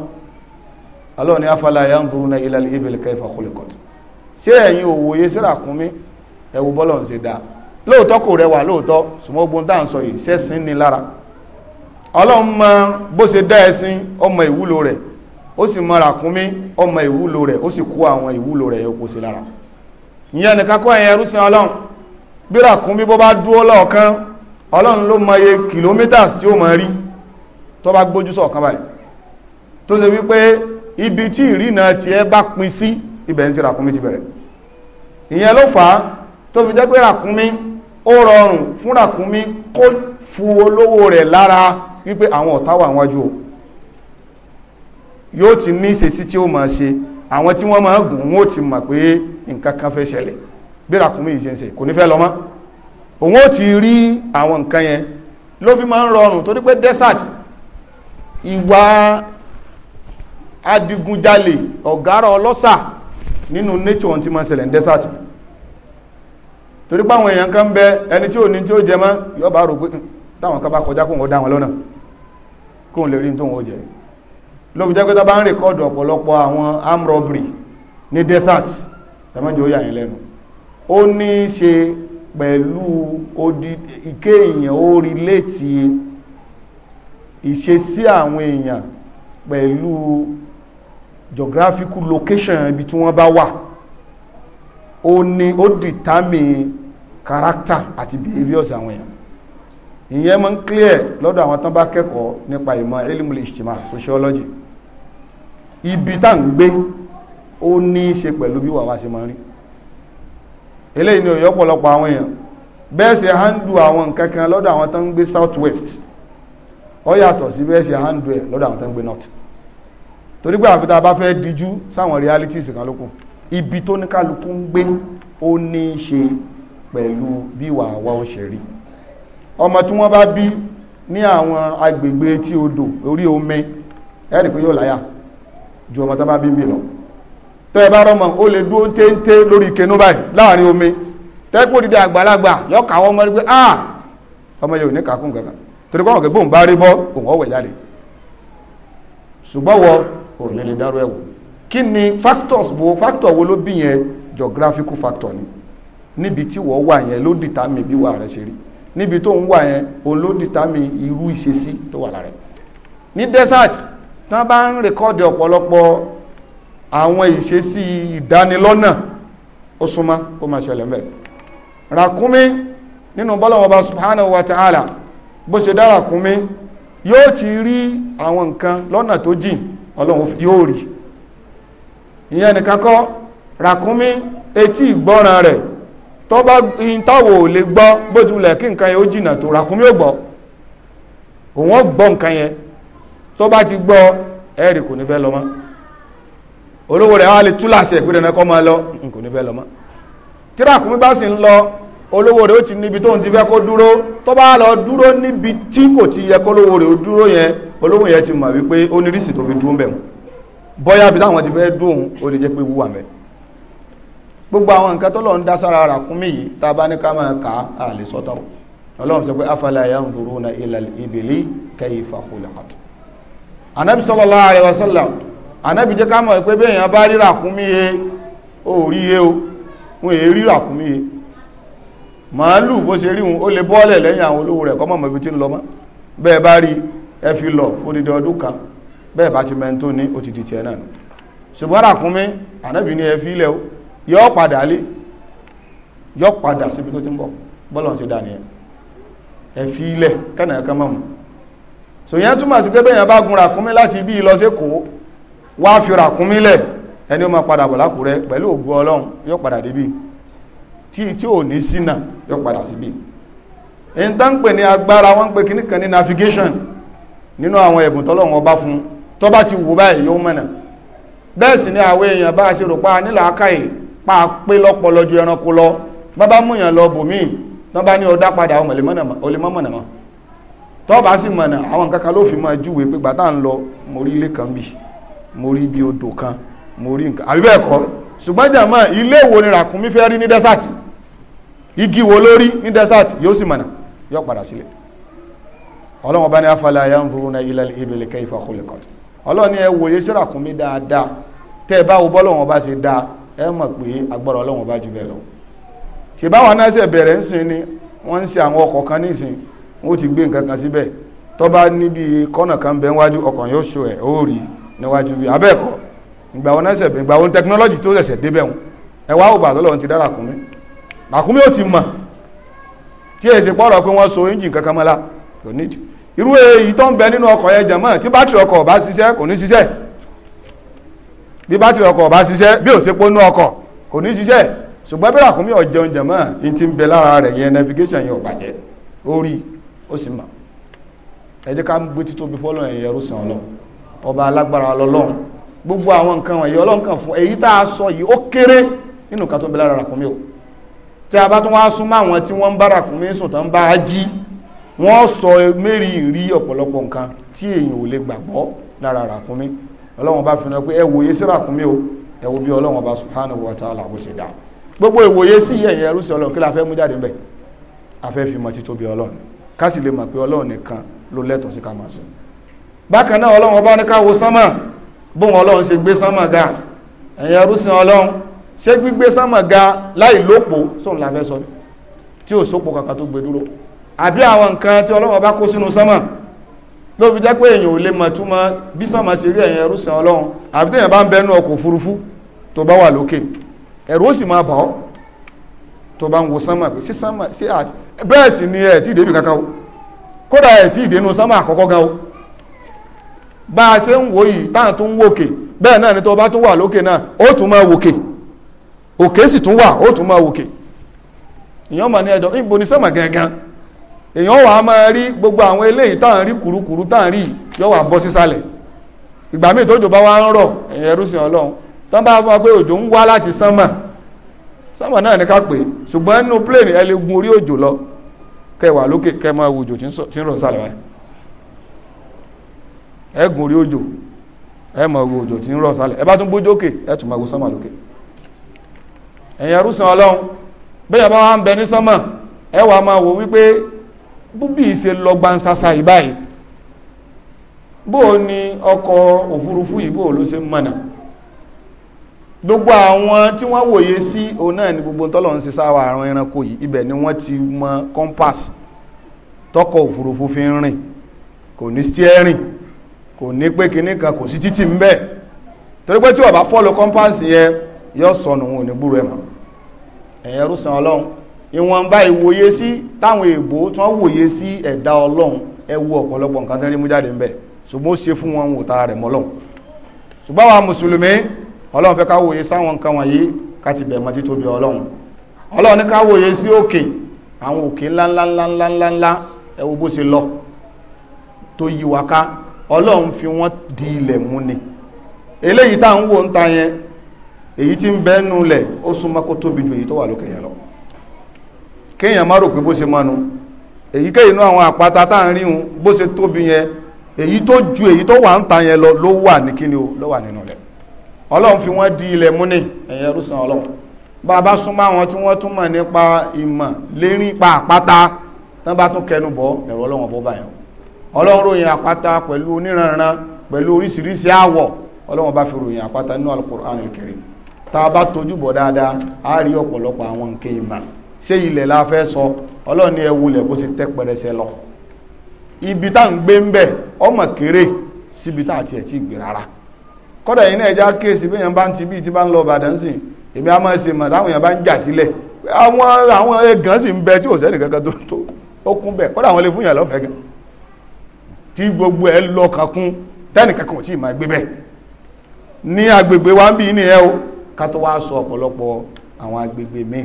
ọlọ́run ní afala yanzuruna ila al-ibil kayfa khuliqat ṣé ẹ̀yin òwòye sí ràkúnmí ẹ̀wù bọ́lọ̀ ń ṣe dáa lóòótọ́ kò rẹwà lóòótọ́ ṣùgbọ́n ogun tá à ń sọ yìí ṣẹ́sìn ní lára ọlọ́run mọ bó ṣe dá ẹṣin ọmọ ìwúlò rẹ̀ ó sì mọ ràkúnmí ọmọ ìwúlò rẹ̀ ó sì kó àwọn ìwúlò rẹ̀ yòókù sí lára ìyẹn nìkan kọ́ ẹ̀yin ẹrúsìn ọlọ́run bí ràkúnmí bó bá dúró lọ́ọ̀kan ọlọ́run ló mọ iye kìlómítà tí ó mọ rí tó bá gbójú sọ̀kan báyìí tó ṣe wípé ibi tí ìrìnà tiẹ̀ bá pin sí ibẹ̀ ní ti ràkúnmí ti bẹ̀rẹ̀ ìyẹn ló fà á tó fi jẹ́ pé ràkúnmí ó rọrùn fún ràkúnmí kó fu olówó rẹ̀ lára wípé àwọn ọ̀tá wà wájú o yóò ti ní ìṣesí tí ó máa ṣe àwọn tí wọ́n máa gùn ún ó ti mọ̀ pé nǹkan kan fẹ́ ṣẹlẹ̀ bí ràkúnmí yìí ṣe ń ṣe kò ní fẹ́ lọ mọ́ òun ó ti rí àwọn nǹkan yẹn ló fi máa ń rọrùn torí pé desert ìwà adigunjalè ọ̀gára ọlọ́sà nínú nature wọn tí ma ṣẹlẹ̀ ní desert torí pé àwọn èèyàn kan bẹ ẹni tí ò ní tí ó jẹ mọ́ yóò bá rò pé hmm, táwọn kan bá kọjá kóun ó dá wọn lọ́nà kóun lè rí tóun ó jẹ lóbi jẹ́ pé tá bá ń rèkọ́dù ọ̀pọ̀lọpọ̀ àwọn arm robbery ní desert tẹ́mọ́jì ó yà yín lẹ́nu ó ní ṣe pẹ̀lú odi ike èèyàn ó rí létí ìṣesí àwọn èèyàn pẹ̀lú geographical location ibi tí wọ́n bá wà ó ní ó determine character àti behaviors àwọn èèyàn ìyẹn máa ń clear lọ́dọ̀ àwọn tán bá kẹ́kọ̀ọ́ nípa ìmọ̀ elimule ishtima sociology ibi tá à ń gbé ó ní í ṣe pẹ̀lú bí wàá wá ṣe máa rí eléyìí ni òye ọ̀pọ̀lọpọ̀ àwọn èèyàn bẹ́ẹ̀ ṣe handle àwọn nǹkan kan lọ́dọ̀ àwọn tán ń gbé south west ó sí bẹ́ẹ̀ ṣe handle ẹ̀ lọ́dọ̀ àwọn tán ń gbé north torí pé àfi tá a bá fẹ́ díjú sáwọn realities kan lókun ibi tó ní kálukú ń gbé ó ní í ṣe pẹ̀lú bí wà wá ó ṣe rí ọmọ tí wọ́n bá bí ní àwọn agbègbè tí odò orí omi ẹ̀rì pé yóò láyà ju ọmọ tó bá bí ń bì lọ tẹ́ ẹ bá rọmọ ó lè dúró téńté lórí ìkẹnú báyìí láàrin omi tẹ́kù dídí àgbàlagbà yọkà àwọn ọmọ rí pé ah ọmọ yóò ní kàkún kankan torí kọ́ ọ̀gẹ̀ bóun bá rí bọ́ òun ọ̀wẹ̀ jáde ṣùgbọ́n wọ ò ní lè dárò ẹ̀wò kí ni factors wo factor wo ló bí yẹn geographical factor ni níbi tí wọ́n wà yẹn ló dìtámì bí wà rẹ̀ ṣe rí níbi tó ń wà yẹn òun ló dìtámì irú ìṣesí tó wà lára ẹ̀ ní desert tán bá ń rekọ́dì ọ̀pọ̀lọpọ̀ àwọn ìṣesí ìdánilọ́nà ó súnmọ́ ó máa ṣẹlẹ̀ mẹ́ ràkúnmí nínú bọ́lọ́wọ́ bá wa ta'ala bó ṣe dá ràkúnmí yóò ti rí àwọn nǹkan lọ́nà tó jìn ọlọ́run yóò rí ìyẹn nìkan ràkúnmí etí ìgbọ́ràn rẹ̀ tó bá lè gbọ́ bójúlẹ̀ kí nǹkan yẹn ó jìnà tó ràkúnmí ò gbọ́ òun ó gbọ́ nǹkan ti gbọ́ ẹ̀rì kò lọ mọ́ olówó rẹ̀ wá lè túláṣẹ̀ kọ́ máa lọ kò lọ mọ́ tí ràkúnmí bá sì olówó rẹ̀ ó ti níbi tó ti fẹ́ kó dúró tó bá lọ dúró níbi tí kò ti yẹ kólówó ó dúró yẹn olówó yẹn ti mọ̀ wípé ó ní rísì tó fi bọ́yá bí táwọn ti fẹ́ dùn ó lè jẹ́ gbogbo àwọn nǹkan tó lọ ń dá sára ràkúnmí yìí tá a bá ní ká máa kà á lè sọ́tọ̀ ọlọ́run sọ pé afala yanzuruna na anabi sallallahu alaihi màálù bó ṣe ríhun ó lè bọ́ọ̀lẹ̀ lẹ́yìn àwọn olówó rẹ̀ kọ́mọ̀ mọ̀bí tí ń lọ mọ́ bẹ́ẹ̀ bá rí ẹ fi lọ fódìdí ọdún kan bẹ́ẹ̀ bá ti mẹ́ntó ní òtìtì tiẹ̀ náà nù ṣùgbọ́n ràkúnmí ànábì ní ẹ fi ilẹ̀ o yọ padà lé yọ padà síbi tó ti ń bọ̀ bọ́lọ̀ ṣe dà nìyẹn ẹ fi ilẹ̀ kẹ́nà ẹ̀ka mọ́ mu sò yẹn túmọ̀ sí pé bẹ́ẹ̀ yẹn bá gun ràkúnmí láti ibi lọ sí Èkó wá fi ràkúnmí lẹ̀ ẹni ó máa padà bọ̀ lákùrẹ́ pẹ̀lú ògùn Ọlọ́run yọ padà débì tí tí ò ní sínà yọ padà síbí ẹni tá ń pè ní agbára wọ́n pè kíní kan ní navigation nínú àwọn ẹ̀bùn tọ́lọ́wọ́n ọba fún tó bá ti wù báyìí yóò mọ̀nà bẹ́ẹ̀ sì ni àwọn èèyàn bá ṣe rò pa nílàákàyè pa pé lọ́pọlọ ju ẹranko lọ bá bá múyàn lọ bòmíì tó bá ní ọdá padà ọmọ olèmọ́ mọ̀nà mọ́ tó bá sì mọ̀nà àwọn kankan ló fi máa júwe pé gbàtà ń lọ mo rí ilé kan bì mo rí ibi odò kan mo rí nǹkan àbí bẹ́ẹ̀ kọ́ ṣùgbọ́n jàmọ́ ilé wo ni ràkúnmí fẹ́ rí ní dẹ́sàtì igi wo lórí ní desert yóò sì mọ̀nà yóò padà sílẹ̀ ọlọ́wọ́n bá ní afala yanzuruna na al-ibili kayfa khuliqat ọlọ́wọ́n ní ẹ wòye sí ràkúnmí dáadáa tẹ́ ẹ bá wo bọ́lọ́wọ́n bá ṣe dáa ẹ mọ̀ pé agbára ọlọ́wọ́n bá ju bẹ́ẹ̀ lọ ṣe báwọn náà ṣe bẹ̀rẹ̀ ń sin ni wọ́n ń ṣe àwọn ọkọ̀ kan nísìn wọ́n ti gbé nǹkan kan síbẹ̀ tó bá níbi kọ́nà kan bẹ́ẹ̀ wájú ọkàn yóò ṣo ẹ̀ ó rí níwájú bí abẹ́ẹ̀kọ́ ìgbà wọn náà ṣẹ̀bẹ̀ ìgbà wọn technology tó ṣẹ̀ṣẹ̀ débẹ̀ wọn ẹ wá òbàdàn lọ́wọ́n ti dára kún ràkúnmí ò ti mọ̀ tí èsì pọ̀rọ̀ pé wọ́n so engine kankan mọ́lá kò nídìí irú èyí tó ń bẹ nínú ọkọ̀ yẹn jẹ̀mọ́ tí bátìrì ọkọ̀ bá ṣiṣẹ́ kò ní ṣiṣẹ́ bí bátìrì ọkọ̀ bá ṣiṣẹ́ bí ò ṣe pónú ọkọ̀ kò ní ṣiṣẹ́ ṣùgbọ́n bí ràkúnmí ò jẹun jẹ̀mọ́ ní ti ń bẹ lára rẹ̀ yẹn navigation yẹn ò bàjẹ́ ó rí ó sì mọ̀ ẹ jẹ́ ká gbé títóbi fọ́lọ́run ẹ̀yẹ rúṣàn ọlọ́run ọba alágbára ọlọ́run gbogbo àwọn nǹkan wọ̀nyí ọlọ́run kan fún èyí tá a sọ yìí tí a bá tún wá súnmọ́ àwọn tí wọ́n ń bára kún mí sùn tán bá a jí wọ́n sọ mẹ́rin rí ọ̀pọ̀lọpọ̀ nǹkan tí èèyàn ò lè gbàgbọ́ lára ràkúnmí ọlọ́run bá fi hàn pé ẹ wòye sí ràkúnmí o ẹ wo bí ọlọ́run bá subhanahu wa ta'ala bó ṣe dá gbogbo ìwòye sí ẹ̀yìn ẹrú sí ọlọ́run kí la fẹ́ mú jáde bẹ́ẹ̀ a fẹ́ fi mọ títóbi ọlọ́run ká sì lè mọ̀ pé ọlọ́run nìkan ló lẹ́tọ̀ọ́ sí ká máa sìn bákan náà ọlọ́run ọba ní ká wo sánmà bóun ọlọ́run ṣe gbé sánmà ga ẹ̀yìn ẹrú sí ọlọ́run ṣé gbígbé ga láì lópo sóun la fẹ́ sọ ni tí ò sópo kankan tó gbé dúró àbí àwọn nǹkan tí ọlọ́run bá kó sínú sánmà ló fi jẹ́ pé èèyàn ò lè mọ̀ túmọ̀ bí sánmà ṣe rí ẹ̀yìn ẹrú sàn ọlọ́run àbí téèyàn bá ń ọkọ̀ òfurufú tó bá wà lókè ó sì máa bà ọ́ tó bá ń wo sánmà pé sánmà o kódà ẹ̀ tí sánmà àkọ́kọ́ gan o bá a ṣe ń yìí táà wòkè bẹ́ẹ̀ náà ni òkè sì tún wà ó tún máa wòkè èèyàn mà ní ẹ̀dọ̀ ìbò ní sẹ́mà gangan èèyàn wà á máa rí gbogbo àwọn eléyìí tá à ń rí kùrukùru tá à ń rí yóò wà bọ́ sísàlẹ̀ ìgbà míì bá wá ń rọ̀ ẹ̀yìn ẹrú sí ọlọ́run tán bá fún wa pé òjò ń wá láti sánmà sánmà náà ní ká pè ṣùgbọ́n nínú lọ kẹ wà lókè kẹ máa wo òjò tí ń rọ̀ sálẹ̀ ẹ gun orí òjò ẹ máa wo òjò tí ń rọ̀ ẹ̀yin ẹrúsàn ọlọ́run bẹ́ẹ̀ bá wà bẹ ní sọ́mọ̀ ẹwà máa wò wípé lọ gbansasa ìbáyìí bó o ní ọkọ̀ òfurufú yìí bó o ló ṣe mọ̀nà gbogbo àwọn tí wọ́n wòye sí o náà ni gbogbo tọ́lọ̀ ń sáwà ẹranko yìí ibẹ̀ ni wọ́n ti mọ compass tọkọ̀ òfurufú fi ń rìn kò ní steering kò ní pé kinní kan kò sí títì ń bẹ̀ torí pé tí bá compass ẹ̀yin ẹrúsàn ọlọ́run ìwọ̀nba ìwòye sí táwọn èèbó tí wọ́n wòye sí ẹ̀dá ọlọ́run ẹ wo ọ̀pọ̀lọpọ̀ nǹkan tó ń rí mú jáde ń bẹ̀ ṣùgbọ́n ó ṣe fún wọn wò tara rẹ̀ mọ́lọ́run ṣùgbọ́n àwọn mùsùlùmí ọlọ́run fẹ́ ká wòye sáwọn nǹkan wọ̀nyí ká ti bẹ̀ mọ́ títóbi ọlọ́run ọlọ́run ní ká wòye sí òkè àwọn òkè ńláńláńláńláńlá ẹ wo bó ṣe lọ tó yí wa ká ọlọ́run fi wọ́n di ilẹ̀ mú ni eléyìí tá à ń wò ń ta yẹn èyí tí ń bẹ nù lẹ̀ ó súnmọ́ kó tóbi ju èyí tó wà lókè yẹn lọ kéèyàn má rò pé bó ṣe mọ́nu èyíkéyìí inú àwọn àpáta tá ń ríhun bó ṣe ju èyí tó wà ń ta yẹn lọ ló wà o ló wà nínú lẹ̀ ọlọ́run fi wọ́n di ilẹ̀ múni ẹ̀yẹ rúsan ọlọ́run bá a bá súnmọ́ àwọn tí wọ́n tún mọ̀ nípa ìmọ̀ lérí pa àpáta tán bá ta a bá tójú bọ̀ dáadáa a rí ọ̀pọ̀lọpọ̀ àwọn nke ìmọ̀ ṣe ilẹ̀ la fẹ́ sọ ọlọ́ni ẹ bó ṣe tẹ́ pẹrẹsẹ lọ ibi tá ń gbé ń bẹ̀ ọmọ kéré síbi tá àti ẹ̀ gbé rárá kọ́dà yìí náà ẹja kéèsì bí èèyàn bá ń ti bí a máa ṣe táwọn èèyàn bá ń jà sílẹ̀ àwọn àwọn sì ń bẹ tí kankan tó tó ó kún kọ́dà àwọn ilé ká tó wá sọ ọ̀pọ̀lọpọ̀ àwọn agbègbè mi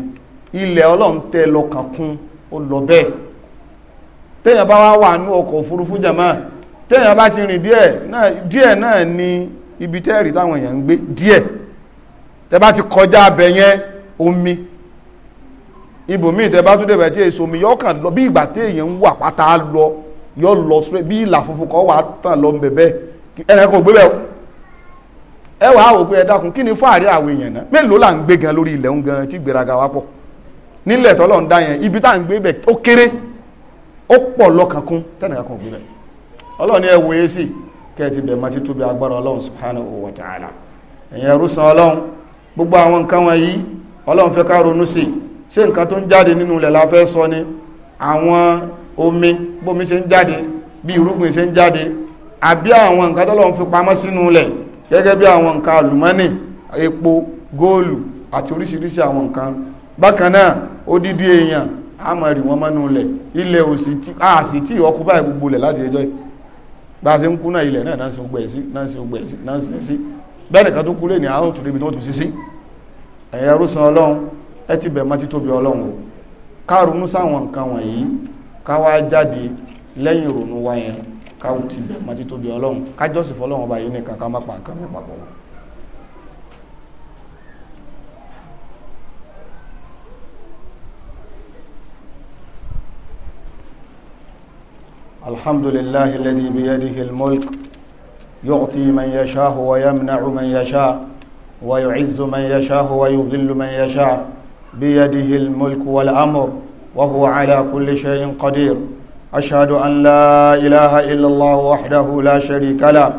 ilẹ̀ ọlọ́run tẹ́ lọ́kàn kún ó lọ bẹ́ẹ̀ téèyàn bá wá wà ní ọkọ̀ òfurufú jàmá téèyàn bá ti rìn díẹ̀ náà díẹ̀ náà ni ibi tẹ́ẹ̀rì táwọn èèyàn ń gbé díẹ̀ tẹ́ bá ti kọjá abẹ yẹn omi ibòmíì tẹ́ bá tún débẹ̀ tí èso omi yọ kàn lọ bí ìgbà téèyàn ń wà pátá lọ yọ lọ bí ìlà funfun kan wà tàn lọ bẹ̀bẹ̀ ẹ̀rẹ́ kò gbé bẹ́ẹ̀ ẹwà wàá wò pé ẹ dákun kí ni àwọn èèyàn náà mélòó là ń gbé gan lórí ilẹ̀ ń gan tí gbéraga wá pọ̀ nílẹ̀ tọ́lọ̀ ń dá ibi tá à ń gbé bẹ̀ ó kéré ó pọ̀ tẹ́nìkan kan gbé bẹ̀ ẹ wòye sí kẹ́ẹ̀tì bẹ̀ máa ti tóbi agbára ọlọ́run subhanahu wa ta'ala ẹ̀yin ẹrú san ọlọ́run gbogbo àwọn nǹkan wọ̀nyí ọlọ́run fẹ́ ká ronú sí ṣé nǹkan tó ń jáde nínú ilẹ̀ la fẹ́ sọ ni àwọn omi bómi ṣe ń jáde bí irúgbìn gẹ́gẹ́ bí àwọn nǹkan àlùmọ́nì epo góòlù àti oríṣiríṣi àwọn nǹkan bákan náà odidi èèyàn a máa rí wọn mọ́nú ilẹ̀ ilẹ̀ òsì tí a sì tí ìwọ́kú báyìí gbogbo ilẹ̀ láti ẹjọ́ yìí bá a ṣe ń kú náà ilẹ̀ náà náà ṣe gbẹ̀ sí náà ṣe gbẹ̀ sí náà ṣe sí bẹ́ẹ̀ nìkan tó kú lè ní àwọn òtún níbi tó tún sí sí ẹ̀yẹ rúsan ọlọ́run ẹ ti bẹ̀ mọ́ títóbi ọlọ́run o ká ronú sáwọn nǹkan wọ̀nyí ká wá jáde lẹ́yìn ìrònú wa káwù ti bẹ̀ mọ́ títóbi ọlọ́run kájọ́sì fọlọ́run ọba yìí nìkan ká má pa nǹkan mẹ́pa pọ̀ الحمد لله الذي بيده الملك يعطي من يشاء ويمنع من يشاء ويعز من يشاء ويضل من يشاء بيده الملك والأمر وهو على كل شيء قدير أشهد أن لا إله إلا الله وحده لا شريك له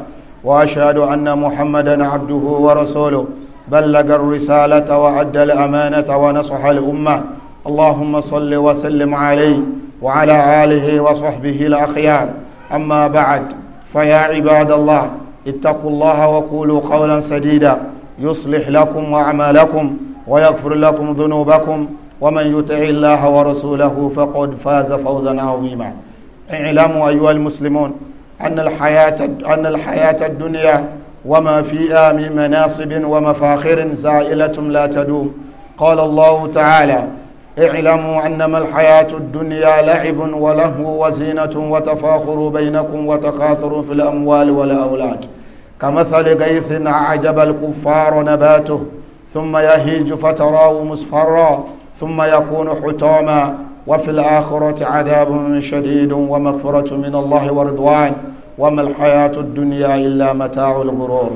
وأشهد أن محمدا عبده ورسوله بلغ الرسالة وعد الأمانة ونصح الأمة اللهم صل وسلم عليه وعلى آله وصحبه الأخيار أما بعد فيا عباد الله اتقوا الله وقولوا قولا سديدا يصلح لكم وأعمالكم ويغفر لكم ذنوبكم ومن يطع الله ورسوله فقد فاز فوزا عظيما اعلموا أيها المسلمون أن الحياة, أن الحياة الدنيا وما فيها من مناصب ومفاخر زائلة لا تدوم قال الله تعالى اعلموا أنما الحياة الدنيا لعب ولهو وزينة وتفاخر بينكم وتكاثر في الأموال والأولاد كمثل غيث أعجب الكفار نباته ثم يهيج فتراه مصفرا ثم يكون حتاما وفي الآخرة عذاب شديد ومغفرة من الله ورضوان وما الحياة الدنيا إلا متاع الغرور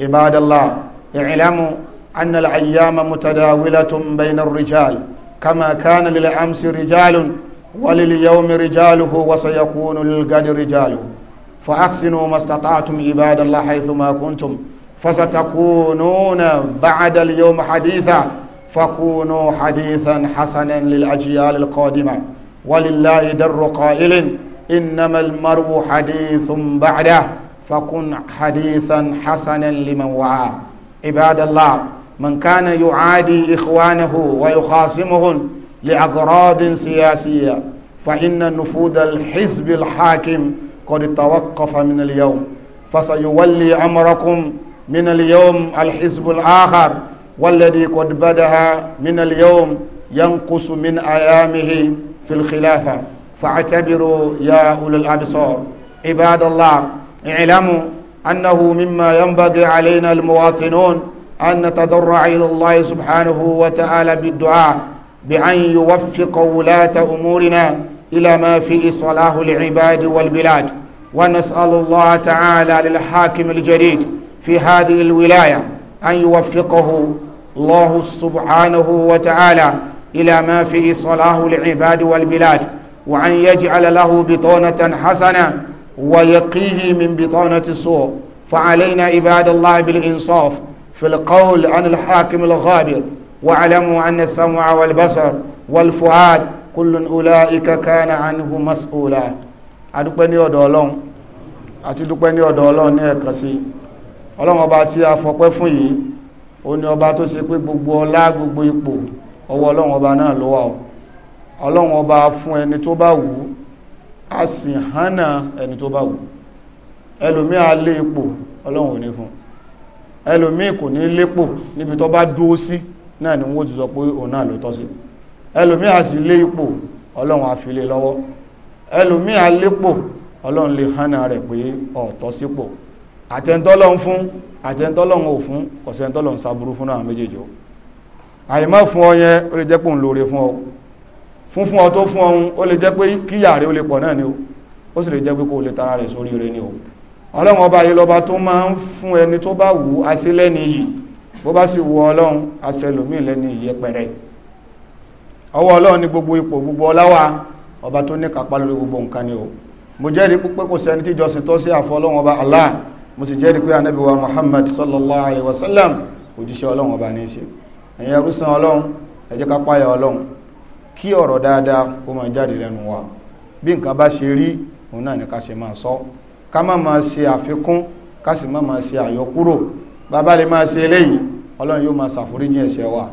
عباد الله اعلموا أن الأيام متداولة بين الرجال كما كان للأمس رجال ولليوم رجاله وسيكون للغد رجاله فأحسنوا ما استطعتم عباد الله حيثما كنتم فستكونون بعد اليوم حديثا فكونوا حديثا حسنا للأجيال القادمة ولله در قائل إنما المرء حديث بعده فكن حديثا حسنا لمن وعاه عباد الله من كان يعادي إخوانه ويخاصمهم لأغراض سياسية فإن نفوذ الحزب الحاكم قد توقف من اليوم فسيولي أمركم من اليوم الحزب الآخر والذي قد بدها من اليوم ينقص من أيامه في الخلافة فاعتبروا يا أولي الأبصار عباد الله اعلموا أنه مما ينبغي علينا المواطنون أن نتضرع إلى الله سبحانه وتعالى بالدعاء بأن يوفق ولاة أمورنا إلى ما فيه صلاح العباد والبلاد ونسأل الله تعالى للحاكم الجديد في هذه الولاية أن يوفقه الله سبحانه وتعالى إلى ما فيه صلاح العباد والبلاد وأن يجعل له بطانة حسنة ويقيه من بطانة سوء، فعلينا عباد الله بالإنصاف في القول عن الحاكم الغابر واعلموا أن السمع والبصر والفؤاد كل أولئك كان عنه مسؤولا أدوكني أدولون أتدوكني يا نيكسي ọlọ́run ọba tí a fọpẹ́ fún yìí ó ní ọba tó ṣe pé gbogbo ọlá gbogbo ipò ọwọ́ ọlọ́run ọba náà ló wà o ọlọ́run ọba fún ẹni tó bá wù ú sì hánà ẹni tó bá wù ẹlòmí a lé ipò ọlọ́run ò ní fún ẹlòmí kò ní lépò níbi tó bá dúó sí náà ni wọ́n ti sọ pé òun náà ló tọ́ sí ẹlòmí a sì lé ipò ọlọ́run a fi lé lọ́wọ́ ẹlòmí a lépò ọlọ́run lè hánà rẹ̀ pé ọ̀tọ́ sípò àtẹ̀ntọ́lọ́hún fún àtẹ̀ntọ́lọ́hún ò fún kọ̀sẹ̀ntọ́lọ́hún sábúrú fún àwọn méjèèjì o àìmọ́ fún ọ yẹn ó lè jẹ́ pé òun lóore fún ọ fún fún ọ tó fún ọhún ó lè jẹ́ pé kíyà rẹ ó lè pọ̀ náà ni o ó sì lè jẹ́ pé kó lè tara rẹ̀ sórí rẹ ni o ọlọ́run ọba yìí lọ́ba tó máa ń fún ẹni tó bá wù á lẹ́ni yìí bó bá sì wù ọlọ́run á sẹ lòmíì lẹ́ni ìyẹpẹrẹ ọwọ́ ọlọ́run ní gbogbo ipò gbogbo ọláwà ọba tó ní kápá lórí gbogbo nǹkan ni o mo jẹ́rìí pé kò sẹ́ni tíjọ́sìn tọ́ sí àfọ́ ọlọ́run ọba Allah mo sì jẹ́rìí pé anábì wa muhammad sallallahu alayhi wa sallam òjíṣẹ́ ọlọ́run ọba ní í ṣe ẹ̀yin ẹrúsàn ọlọ́run ẹ jẹ́ ká páyà ọlọ́run kí ọ̀rọ̀ dáadáa kó máa jáde lẹ́nu wa bí nǹkan bá ṣe rí òun náà ni ká ṣe máa sọ ká má máa ṣe àfikún ká sì má máa ṣe àyọkúrò bàbá lè máa ṣe eléyìí ọlọ́run yóò máa ṣàforíjì ẹ̀ṣẹ̀ wa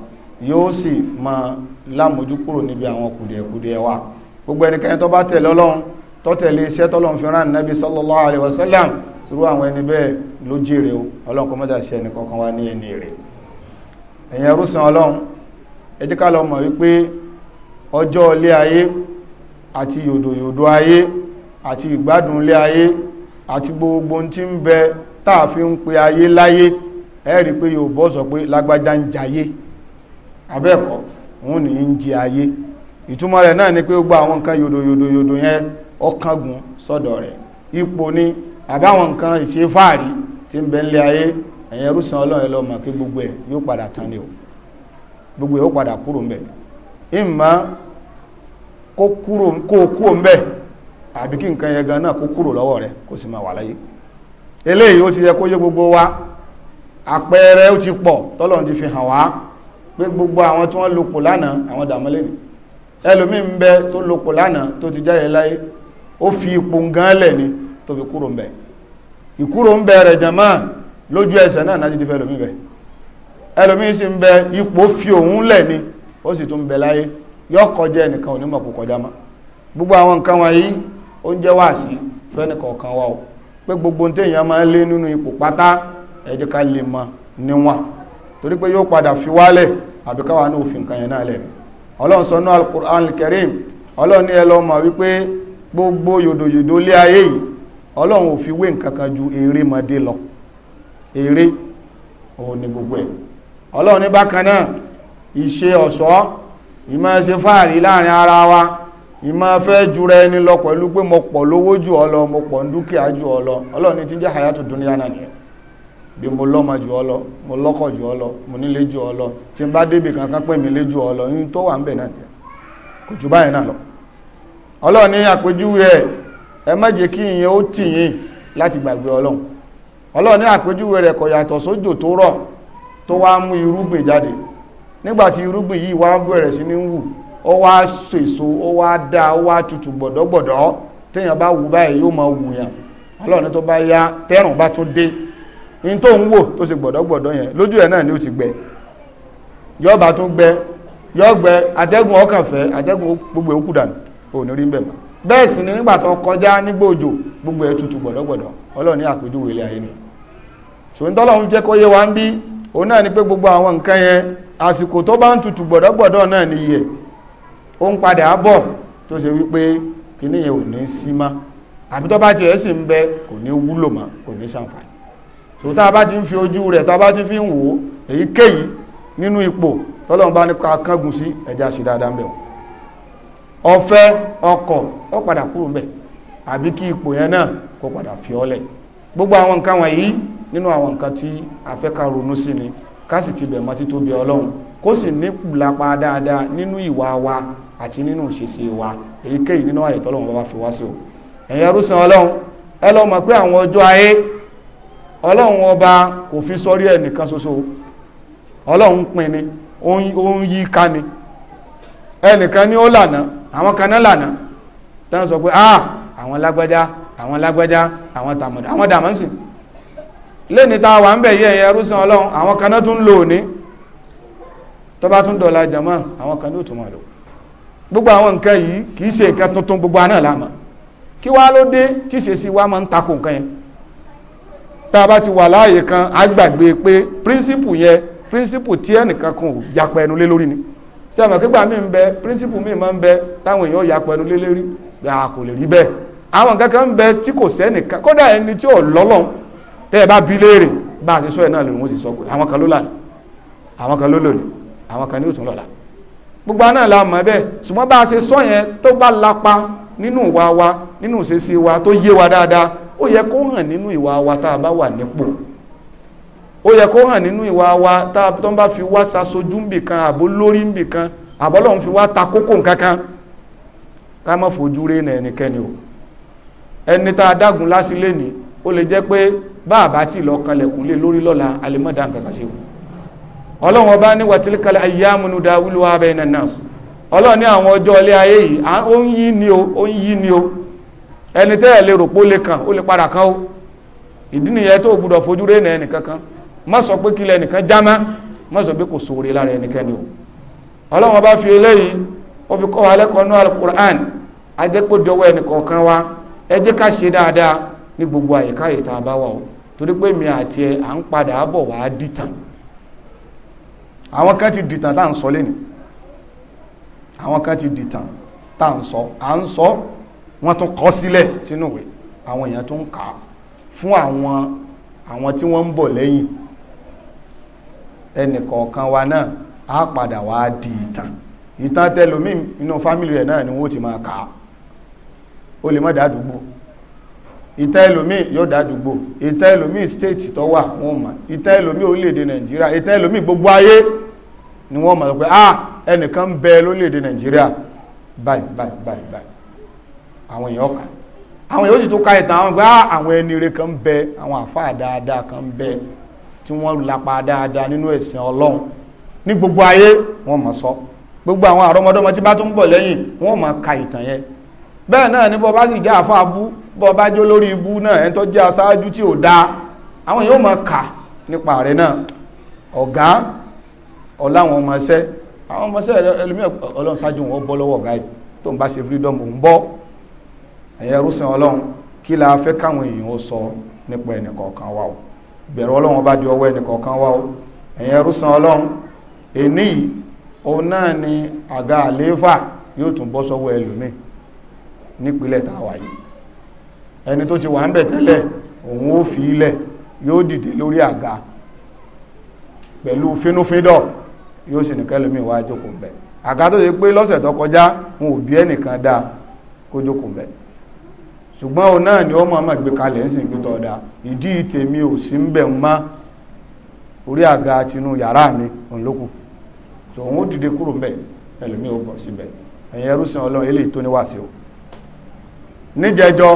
yóò sì máa lámojú níbi àwọn kùdìẹ̀kùdìẹ̀ wa gbogbo ẹnikẹ́ni tó bá tẹ̀lé ọlọ́run tó iṣẹ́ tọ́lọ́run fi rán nàbí sallallahu alayhi wa sallam irú àwọn ẹni bẹ́ẹ̀ ló o ọlọ́run kó mọ́jà ṣe ẹnìkọ̀ọ̀kan wá ní ẹni rẹ̀ ẹ̀yin ẹrúsàn ọlọ́run ẹ mọ̀ wípé ọjọ́ ilé ayé àti ayé àti gbogbo tí bẹ a fi ń pe ayé láyé ẹ rí i pé Yorùbá sọ pé lágbájá ń jayé abẹ́ẹ̀kọ́ òun ní ń jẹ ayé ìtumọ̀ rẹ̀ náà ni pé gba àwọn nǹkan yodo yẹn ọkàngùn sọ́dọ̀ rẹ̀ àbáwọn nǹkan ìṣe fáàrí tí ń bẹ ń lé ayé ẹ̀yẹn rúsan ọlọ́run ẹlọ́ mọ̀ kí gbogbo ẹ̀ yóò padà tán ni o gbogbo ẹ̀ ó padà kúrò ńbẹ̀ ìmọ̀ kó kúrò kó àbí kí nǹkan yẹn gan kó kúrò lọ́wọ́ rẹ kó sì máa ti yẹ kó yé gbogbo wa àpẹẹrẹ ó ti pọ̀ tọ́lọ́run ti fi hàn wá pé gbogbo àwọn tí wọ́n lòpò lánàá àwọn ni bẹ tó lánàá tó ti jáde láyé ó fi ipò ń ìkúrò ń bẹ̀rẹ̀ jẹ̀mọ́ lójú ẹsẹ̀ náà náà ti fẹ́ ẹlòmí bẹ̀ ẹlòmí sì ń bẹ ipò fi òun lẹ̀ ni ó sì tún bẹ láyé yọ kọjá ẹnìkan onímọ̀ kò kọjá gbogbo àwọn nǹkan wọ̀nyí ó ń jẹ́ wa o pé gbogbo máa ẹ ká lè mọ níwọ̀n torí fi wálẹ̀ àbí káwa ní òfin kan yẹn náà lẹ̀ ọlọ́run sọ ọlọ́run ní gbogbo yòdòyòdò lé ayé ọlọ́run ò fi wé nǹkan ju eré mọ́dé lọ eré òun ni gbogbo ẹ̀ ọlọ́run ní bákan náà ìṣe ọ̀ṣọ́ ìmọ̀ ṣe fààrí láàrin ara wa ìmọ̀ fẹ́ jura ẹni lọ pẹ̀lú pé mo pọ̀ lówó jù ọ mo pọ̀ dúkìá ọ ọlọ́run ti jẹ́ nìyẹn bí mo lọ́mọ jù ọ mo nílé jù ọ tí n bá ọ ẹ má jẹ́ kí ìyẹn ó tì yín láti gbàgbé ọlọ́run ọlọ́run ní àpèjúwe rẹ̀ yàtọ̀ sójò tó rọ̀ tó wá mú irúgbìn jáde nígbàtí irúgbìn yìí wá bẹ̀rẹ̀ sí ní wù ó wá sèso ó wá dá ó wá tutù gbọ̀dọ̀gbọ̀dọ̀ téèyàn bá wù báyìí yóò máa wù yàn ọlọ́run tó bá yá tẹ́rùn bá tún dé in tó ń wò tó gbẹ bá tún gbẹ gbẹ atẹ́gùn ọkàn fẹ́ gbogbo dànù mọ́ bẹ́ẹ̀ sì ni nígbà tó kọjá nígbà òjò gbogbo ẹ̀ tutù gbọ̀dọ̀gbọ̀dọ̀ ọlọ́run ní àpèjúwe ilé ayé ni ṣòun jẹ́ kó yé wa ń bí òun náà ni pé gbogbo àwọn nǹkan yẹn àsìkò tó bá ń tutù gbọ̀dọ̀gbọ̀dọ̀ náà ni yẹ ó ń padà bọ̀ tó ṣe wípé kíní yẹn ò sí má àbí tó bá ti ẹ̀ sì ń bẹ kò ní wúlò ma kò ní ṣàǹfààní Ọfẹ, ọkọ̀ ọ padà kúrò àbí kí ipò yẹn náà padà gbogbo àwọn nǹkan wọ̀nyí nínú àwọn nǹkan tí a ni ká ti bẹ̀ mọ́ títóbi ọlọ́run kó sì ní kùlápa dáadáa nínú ìwà wa àti nínú ìṣesí wa èyíkéyìí nínú àyè bá fi wá sí o ẹ̀yin ọba kò fi ẹnìkan ṣoṣo ọlọ́run pin ni ni ẹnìkan ni ó àwọn kan náà lànà tán sọ pé ah àwọn lágbájá àwọn lágbájá àwọn tàmọ̀dá àwọn dàmọ́sì lẹ́ni tá a wà ń bẹ̀ yí ẹ̀yẹ ẹrúsìn ọlọ́run àwọn kan náà tún lò ní tó bá tún dọ̀la jàmọ́ àwọn kan náà tún mọ̀ lò gbogbo àwọn nǹkan yìí kì í ṣe nǹkan tuntun gbogbo àná làmọ̀ kí wá ló dé tí ṣe sí wá máa ń takò nǹkan yẹn tá a bá ti wà láàyè kan á pé príncípù yẹn príncípù tí ẹnìkan kan ò yapa ẹnu lé lórí ni ṣe àmọ̀ kígbà mi ń bẹ píríncípù mi ma ń bẹ táwọn èèyàn ya pẹ̀lú lélẹ́rí gbà kò lè rí bẹ́ẹ̀ àwọn nǹkan bẹ tí kò sẹ́nìkan kódà ẹni tí ò lọ́lọ́n tẹ́ ẹ bá léèrè bá a ti sọ ẹ̀ náà lòun ó sì sọ pé àwọn kan ló lànà àwọn kan ló lòlì àwọn kan ní òtún lọ́la gbogbo la mọ̀ ṣùgbọ́n bá a ṣe sọ yẹn tó lapa nínú ìwà wa nínú ìṣesí wa tó wa dáadáa ó yẹ kó hàn nínú ìwà wa tá a bá wà nípò ó yẹ kó hàn nínú ìwà wa tá tó ń bá fi wá ṣaṣojú ń kan àbó lórí ń bì kan fi wá ta kókó nǹkan ká má fojú o ẹni tá a dágun ó lè jẹ́ pé bá lọ kanlẹ̀kùn lé lórí lọ́la alimọ́dá sí o ọlọ́run ọba ní wíwá nọ́ọ̀sì. ọlọ́run ní àwọn ọjọ́ ayé yìí ó ń yí ni o ó má sọ pé kílẹ̀ nìkan jámá má sọ pé kò sóore lára ẹnikẹ́ni o ọlọ́run bá fi eléyìí ó fi kọ́ wa lẹ́kọ̀ọ́ ní alukur'an ajẹ́pọ̀ dọwọ́ ẹnìkọ̀ọ̀kan wa ẹ jẹ́ ká ṣe dáadáa ní gbogbo àyíká yìí tá a bá wà o torí pé mi àti ẹ à ń padà bọ̀ wá dìtàn àwọn kan ti dìtàn tá à ń sọ lẹ́nu àwọn kan ti dìtàn tá à ń sọ wọ́n tún kọ sílẹ̀ sínú ìwé àwọn èèyàn tún kà fún àwọn àwọn tí wọ́n ń bọ̀ lẹ́yìn ẹnìkọ̀ọ̀kan wa náà a padà wá di ìtàn ìtàn tẹlòmíì inú fámìlì rẹ̀ náà ni wọ́n ti máa kà á lè má dàdúgbò ìtàn ẹlòmíì yóò dàdúgbò ìtàn ẹlòmíì state tó wà wọ́n mọ̀ ìtàn orílẹ̀ nàìjíríà ìtàn gbogbo ayé ni wọ́n mọ̀ pé ah ẹnìkan bẹ lórílẹ̀-èdè nigeria báyìí báyìí báyìí àwọn èèyàn kà àwọn èèyàn sì tún ka ìtàn àwọn gbé ah àwọn ẹni rẹ̀ kan bẹ àwọn àfáà kan bẹ tí wọ́n lapa dáadáa nínú ẹ̀sìn ọlọ́run ní gbogbo ayé wọ́n mọ̀ sọ gbogbo àwọn àrọ́mọdọ́mọ tí bá tún bọ̀ lẹ́yìn wọ́n mọ̀ ka ìtàn yẹn bẹ́ẹ̀ náà ní bọ́ọ̀ bá sì jẹ́ àfa abú bọ́ọ̀ bá jó lórí ibú náà ẹni tó jẹ́ aṣáájú tí ò dáa àwọn yóò mọ̀ kà nípa rẹ̀ náà ọ̀gá ọ̀làwọn ọmọọṣẹ́ àwọn ọmọọṣẹ́ ẹlòmíì ọlọ́run ṣáájú wọn bọ́ lọ́wọ́ ọ̀gá yìí tó ń bá ṣe freedom ń bọ́ ẹ̀yẹ rúṣin ọlọ́run kí la fẹ́ káwọn èèyàn ó sọ nípa ẹnìkọ̀ọ̀kan wa o bẹ̀rù ọlọ́run bá di ọwọ́ ẹnìkọ̀ọ̀kan wá o ẹ̀yin ẹrú san ọlọ́run èní yìí òun náà ni àga àlééfà yóò tún bọ́ sọ́wọ́ ẹlòmíì nípínlẹ̀ táwa yìí ẹni tó ti wà ń bẹ̀ tẹ́lẹ̀ òun ó fi ilẹ̀ yóò dìde lórí àga pẹ̀lú fínúfíndọ̀ yóò sì nìkan ẹlòmíì wá jókòó bẹ̀ àga tó ṣe pé lọ́sẹ̀ tó kọjá wọn ò bí ẹnìkan dáa kó jókòó bẹ̀ ṣùgbọ́n o náà ni ó mọ̀ mọ̀ gbé kalẹ̀ ń gbé tọ̀dà ìdí tèmi ò sí ń bẹ̀ mọ́ orí àga tinú yàrá mi òun lókù so dìde kúrò mbẹ̀ ẹlòmí ò bọ̀ síbẹ̀ ẹrúsìn o níjẹjọ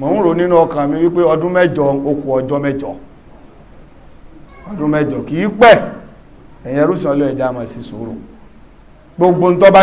mò ń rò nínú ọkàn mi wípé ọdún mẹ́jọ ó ọjọ́ mẹ́jọ ọdún mẹ́jọ kì í pẹ́ ẹ̀yin ẹrúsìn ọlọ́run sí gbogbo ń tó bá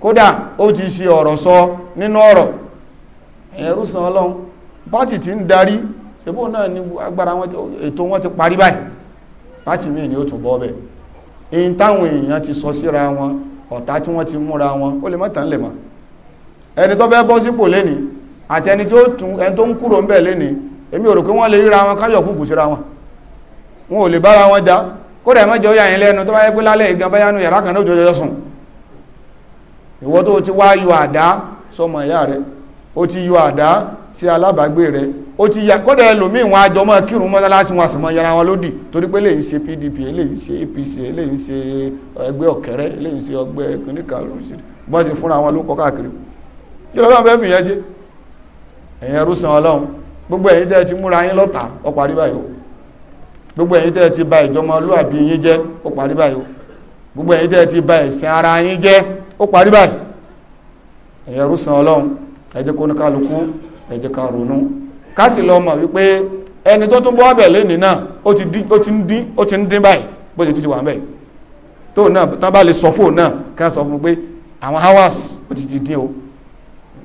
kódà ó ti ṣe ọ̀rọ̀ sọ nínú ọ̀rọ̀ ẹ̀rú san ọlọ́run pátì tí ń darí ṣebó náà ní agbára wọn ètò wọn ti parí báyìí ni ó tún bẹ̀ èyí táwọn èèyàn ti sọ síra wọn ọ̀tá tí wọ́n ti múra wọn ó lè àti ẹni tó tún ẹni tó ń èmi ò rò pé wọ́n lè ríra wọn káyọ̀ kúkú síra wọn wọn ò lè bára wọn já ìwọ tó ti wá yọ àdá sọmọ ìyá rẹ ó ti yọ àdá sí alábàágbé rẹ ó ti ya kódà ẹlòmíì wọn àjọ mọ kírun mọ́sálásí wọn àsìmọ́ yẹra wọn lódì torí pé lè ń ṣe PDP lè ń ṣe APC lè ń ṣe ẹgbẹ́ ọ̀kẹ́rẹ́ lè ń ṣe ọgbẹ́ kìnìkà lóṣìṣẹ́ bọ́n ti fúnra wọn ló kọ́ káàkiri kí lọ́wọ́ fẹ́ fìyẹn ṣe ẹ̀yin ẹrú san ọlọ́run gbogbo ẹ̀yin tẹ́ ti múra yín lọ́ta ó parí báyìí o gbogbo ẹ̀yin ara yín jẹ́ ó parí báyìí ẹ̀yẹ rúsan ọlọ́run ẹ̀jẹ̀ kó ní kálukú ẹ̀jẹ̀ ká ronú ká lọ mọ̀ wípé ẹni tó tún bọ́ ọ̀bẹ̀ lẹ́ni náà ó ti dín ó ti ń dín báyìí bó ti ti wà mẹ́ẹ̀ tó náà tán bá lè sọ fóun náà ká sọ fún pé àwọn hours ó ti ti dín o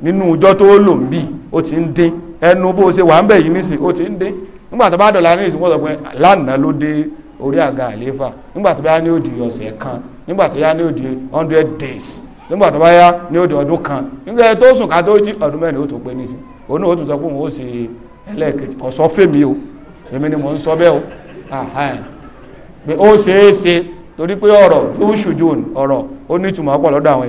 nínú ọjọ́ tó lò ń bì ó ti ń dín ẹnu bó ṣe wà ń bẹ̀ yìí nísìn ó ti ń dín nígbà tó bá dọ̀la ní ìsìnkú ọ̀sọ̀ pé lánàá ló dé orí àga nígbà tó bá ní òdì ọ̀sẹ̀ kan nígbà tó yá ní òde hundred days nígbà tó bá yá ní òde ọdún kan nígbà tó sùn ká tó jí ọdún mẹ́rin ó tó pé nísìn òun náà ó tún sọ pé òun ó ṣe ẹlẹ́ẹ̀kejì kò sọ fèmí o èmi ni mò ń sọ bẹ́ẹ̀ o pé ó ṣeé ṣe torí pé ọ̀rọ̀ tó ṣùjú ọ̀rọ̀ ó ní ìtumọ̀ ọ̀pọ̀ lọ́dọ̀ àwọn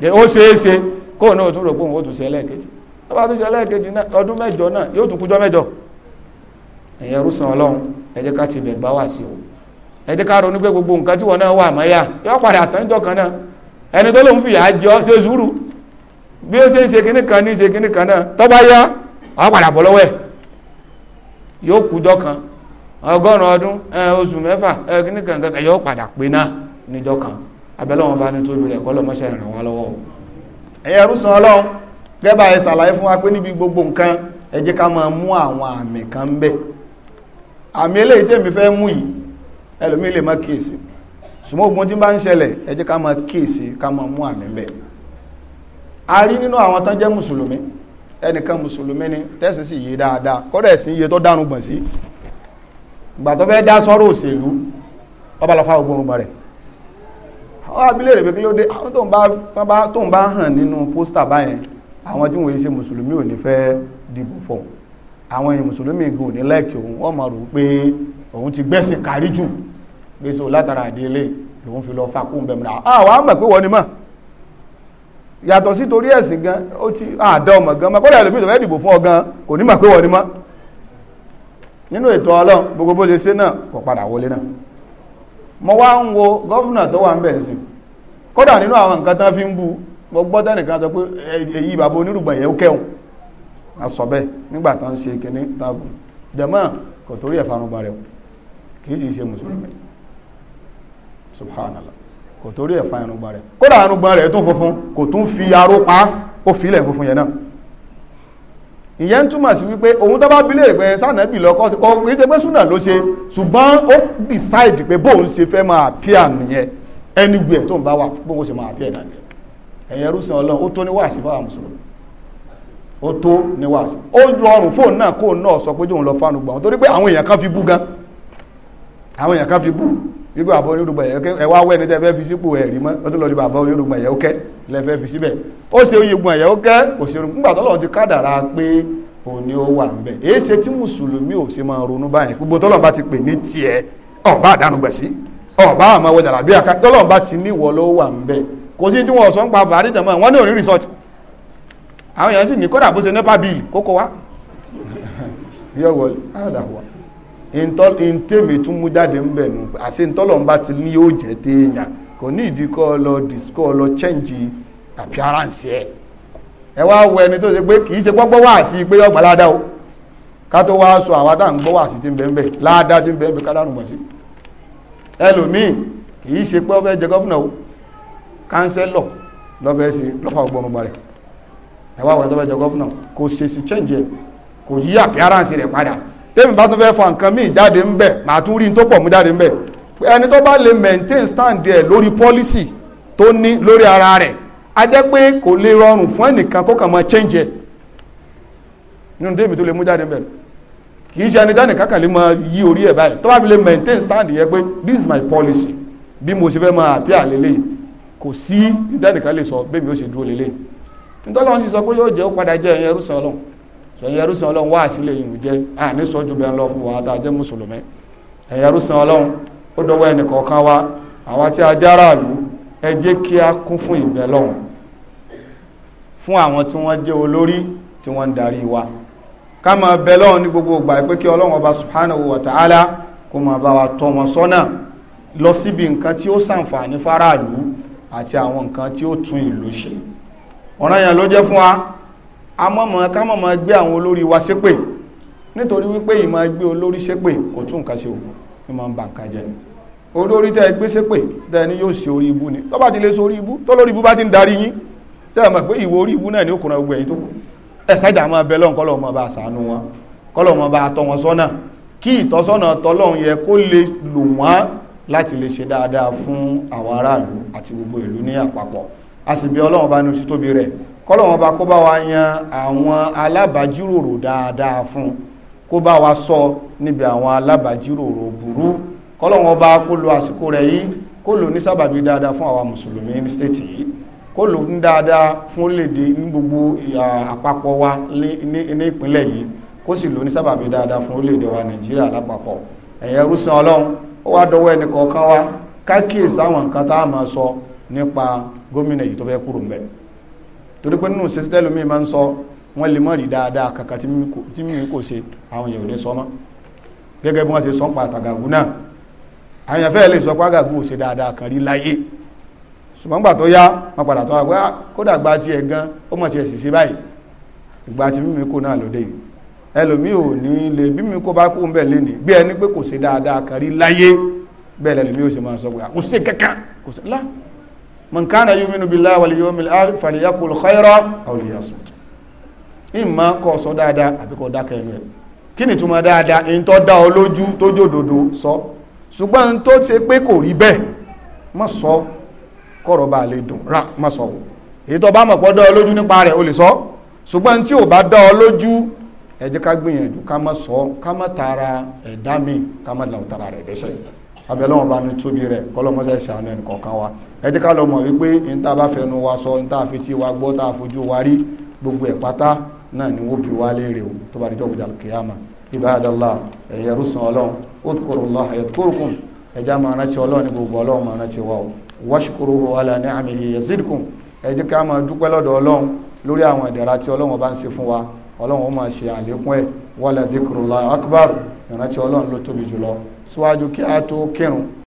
èèyàn ó ṣeé ṣe kóò náà tún rò pé òun ó tún ṣe ẹlẹ́ẹ̀kejì tó bá tún ṣe ẹlẹ́ẹ̀kejì ọdún mẹ́jọ náà yóò tún kújọ́ o ẹ jẹ́ ká gbogbo nǹkan tí wọn náà wà mọ́yà yọ padà tán kan náà ẹni tó lóun fìyà jọ ṣe sùúrù bí ó ṣe ń ṣe kan ní ṣe kinní kan náà tó yá padà yóò kú ọdún oṣù mẹ́fà kinní kan kankan yóò padà pé náà níjọ o. rúṣan ẹ ṣàlàyé fún wa pé gbogbo nǹkan ẹ ká máa mú àwọn àmì kan àmì eléyìí fẹ́ ẹlòmí lè má kíyèsí ṣùgbọ́n ogun tí bá ń ṣẹlẹ̀ ẹ jẹ́ ká máa kíyèsí ká máa mú àmì bẹ̀ a rí nínú àwọn tán jẹ́ mùsùlùmí ẹnìkan mùsùlùmí ni tẹ́sí sì yé dáadáa kọ́dẹ̀ sí iye tó dánú gbọ̀n sí ìgbà tó fẹ́ dá sọ́rọ̀ òṣèlú ọba lọ fáwọn ogun rẹ̀ ọ abilé rẹ̀ pé kí ló dé àwọn tó ń bá hàn nínú pósítà báyẹn àwọn tí wọ́n yé ṣe mùsùlùmí ò ní fẹ́ dìbò fún àwọn èèyàn mùsùlùmí gan ní lẹ́ẹ̀kì òun wọ́n máa rò pé òun ti gbẹ́sìn kárí jù gbèsè látara àdílé lòun fi lọ fakún bẹ̀mìnà àwọn àmọ̀ pé wọ́n ni mọ̀ yàtọ̀ sí torí ẹ̀sìn gan ó ti àdá ọmọ gan mọ́ kọ́lẹ̀ ẹlòmíì tó fẹ́ dìbò fún ọ gan kò ní mọ̀ pé wọ́n ni mọ́ nínú ètò ọlọ́run gbogbo bó ṣe ṣe náà kò padà wọlé náà mo wá ń wo gọ́fúnà tó wà ń bẹ̀ sí kódà nínú àwọn nǹkan tán fi ń bu mo gbọ́ tẹ́nìkan sọ pé èyí bàbá onírùgbọ̀n yẹn ó kẹ́hùn a sọ bẹ́ẹ̀ nígbà tán ṣe kìnní tàbí jẹ̀mọ́ kò torí ẹ̀farun balẹ̀ o kìí sì ṣe mùsùlùmí subhanallah kò torí ẹ̀ fa irùngbọ̀n rẹ̀ kódà irùngbọ̀n rẹ̀ tó funfun kò tún fi aró pa ó filẹ̀ funfun yẹn náà ìyẹn túmọ̀ sí wípé òun tó bá bilé pé sànẹ́bì lọ́kọ́ sí kò kìí ṣe pé súnà ló ṣe ṣùgbọ́n ó decide pé bóun ṣe fẹ́ máa appear nìyẹn anywhere tó ń bá wà bóun ṣe máa appear nìyẹn ẹ̀yẹ rúṣin ọlọ́run ó tó ní wàásì fáwọn mùsùlùmí ó tó ní wàásì ó rọrùn fóònù náà kóònù náà sọ pé jóun lọ fánu wọn torí pé àwọn èèyàn kan fi bú gan àwọn èèyàn kan fi bú wípé bàbá onírúgbà yẹn kẹ ẹwà awẹ ní tẹ fẹ́ fi sípò ẹ̀rí mọ́ ó tún lọ di bàbá onírúgbà yẹn ó kẹ́ lẹ fẹ́ fi síbẹ̀ ó ṣe oyè gbọ̀n yẹn ó kẹ́ kò ṣe orun nígbà tọ́lọ́ ti kádàrá pé òun ni ó wà ń bẹ̀ èyí ṣe tí mùsùlùmí ò ṣe máa ronú báyẹn gbogbo tọ́lọ́ bá ti pè ní tiẹ̀ ọ̀bá àdánù gbẹ̀sí ọ̀bá àmọ́ wẹ̀ dàlàbí àká tọ́lọ́ bá ti níwọ̀ ló wà ń bẹ̀ kò sí tí wọ́n sọ ń pa bàárí tẹ̀mọ́ wọn ní òní resort àwọn èèyàn sì ní kódà bó ṣe nepa bill kókó wa yọ wọlé àdàwọ̀ ntẹ́mi tún mú jáde ń bẹ̀ nù àṣẹ ntọ́lọ́mbà ti ní yóò jẹ́ téèyàn kò ní ìdí kọ́ lọ disco lọ change appearance ẹ̀ ẹ wá wo ẹni tó ṣe pé kì í ṣe gbọ́gbọ́ wà sí pé ọgbà ládá o ká tó wá sọ ń gbọ́ wà sí ti ń bẹ́ẹ̀ bẹ́ẹ̀ ti ń bẹ́ẹ̀ bẹ́ẹ̀ ká dánù sí ẹlòmíì kì í ṣe pé jẹ o kánsẹ́lọ̀ lọ́fẹ́ sí lọ́fà rẹ̀ ẹ wá tó tẹ́mi bá tún fẹ́ fa nǹkan míì jáde ń bẹ̀ màá tún rí n tó pọ̀ mú jáde ń bẹ̀ ẹni tó bá lè maintain stand ẹ̀ lórí policy tó ní lórí ara rẹ̀ a jẹ́ pé kò lè rọrùn fún change ẹ̀ nínú tẹ́mi tó lè mú jáde ń bẹ̀ kì í ṣe ẹni lè máa yí stand yẹ pé this my policy bí mo ṣe fẹ́ máa ẹ̀yẹrú san ọlọ́run wá àsìlẹ̀ yìí jẹ́ àní sọ́jú bẹ́ẹ̀ lọ fún wa tá a jẹ́ mùsùlùmí ẹ̀yẹrú san ọlọ́run ó dọwọ́ ẹnì kọ̀ọ̀kan wa àwa tí a jára ìlú ẹ jẹ́ kí a kún fún ìbẹ̀ lọ́hùn fún àwọn tí wọ́n jẹ́ olórí tí wọ́n ń darí wa ká máa bẹ lọ́hùn ní gbogbo ìgbà pé kí ọlọ́run ọba subhanahu wa ta'ala kó máa bá wa tọ́ wọn sọ́nà lọ síbi nǹkan tí ó sàǹfààní fáráàlú àti àwọn nǹkan tí ó tún ìlú ṣe ọ̀ràn yẹn ló jẹ́ fún wa amọ́mọ́ kámọ́mọ́ gbé àwọn olórí wa ṣépè nítorí wípé ìmọ̀ gbé olórí ṣépè kò tún nǹkan ṣe òkú ní máa ń ba nǹkan jẹ́ olórí tẹ́ gbé ṣépè tẹ́ ni yóò ṣe orí ibú ni tó bá ti lè ṣe orí ibú tó lórí ibú bá ti ń darí yín tẹ́ ẹ̀ mọ̀ pé ìwọ orí ibú náà ni ó kùnà gbogbo ẹ̀yìn tó kù ẹ̀ sájà máa bẹ lọ́n kọ́lọ́ máa bá ṣàánú wọn kọ́lọ́ máa bá tọ́ wọn sọ́nà kí ìtọ́sọ́nà tọ́lọ́run yẹ kó lè lò wọ́n láti lè ṣe dáadáa fún àwọn aráàlú àti gbogbo ìlú ní àpapọ̀ a sì bí ọlọ́run bá ní oṣù tóbi rẹ̀ kọ́lọ̀ wọn bá kó bá wa yan àwọn alábàájíròrò dáadáa fún kó bá wa sọ níbi àwọn alábàájíròrò burú kọ́lọ̀ bá kó lo àsìkò rẹ̀ yìí kó lò ní sábàbí dáadáa fún mùsùlùmí ní stéètì yìí kó lò ní dáadáa fún orílẹ̀ ní gbogbo àpapọ̀ wa ní ìpínlẹ̀ yìí kó sì lò ní sábàbí dáadáa fún orílẹ̀-èdè torí pé nínú sẹ́sítẹ́ lómi máa ń sọ wọ́n lè mọ̀ rí dáadáa kàkà tí mímí kò ṣe àwọn èèyàn ò ní sọ mọ́ gẹ́gẹ́ bí wọ́n ṣe sọ́n pa àtàgàgù náà àwọn èèyàn fẹ́ẹ̀ lè sọ pé àgàgù ò ṣe dáadáa kan rí láyé ṣùgbọ́n gbà tó yá wọn padà tó àgbà ah, kódà gba tiẹ̀ gan ó mọ̀ tiẹ̀ sì ṣe báyìí ìgbà tí mímí kò náà lóde yìí ẹlòmí ò ní lè bí mi kó bá kó ń lé ní bí ẹni pé kò ṣe dáadáa kan rí láyé bẹ́ẹ̀ lẹ́lòmí ò ṣe máa sọ pé ah, kò ṣe kankan kò ṣe lá man kana yuminu billahi wal yawmil akhir falyakul khayran aw liyasmut ìmọ̀ kọ́ sọ dáadáa àbí kọ́ dákẹ́ ẹnu ẹ̀ kí ni túmọ̀ dáadáa èyí tó dá ọ lójú tó jòdòdó sọ sọ kọ̀rọ̀ bá lè dùn sọ èyí tó bá mọ̀ o sọ sọ ká má tara ẹ̀dá mi ká má abẹ́lọ́wọ́n bá ní tóbi rẹ̀ kọ́lọ́mọ́sẹ̀ ṣàánú ẹnì kọ̀ọ̀kan wa ẹ jẹ́ ká lọ mọ̀ wípé n tá a bá fẹnu wa sọ n tá a fi tí wa gbọ́ tá a fojú wa rí gbogbo ẹ̀ pátá náà ni wọ́n bí wa léèrè o tó bá di dọ́gbọ̀dà kìyàmà ibadallah ẹ̀yẹ rúsan ọlọ́run udhkurullaha yadhkurkum ẹ̀já máa rántí ọlọ́run ní gbogbo ọlọ́run máa rántí wa o washkuruhu ala ni'amihi yazidkum Sua kí a tó kírun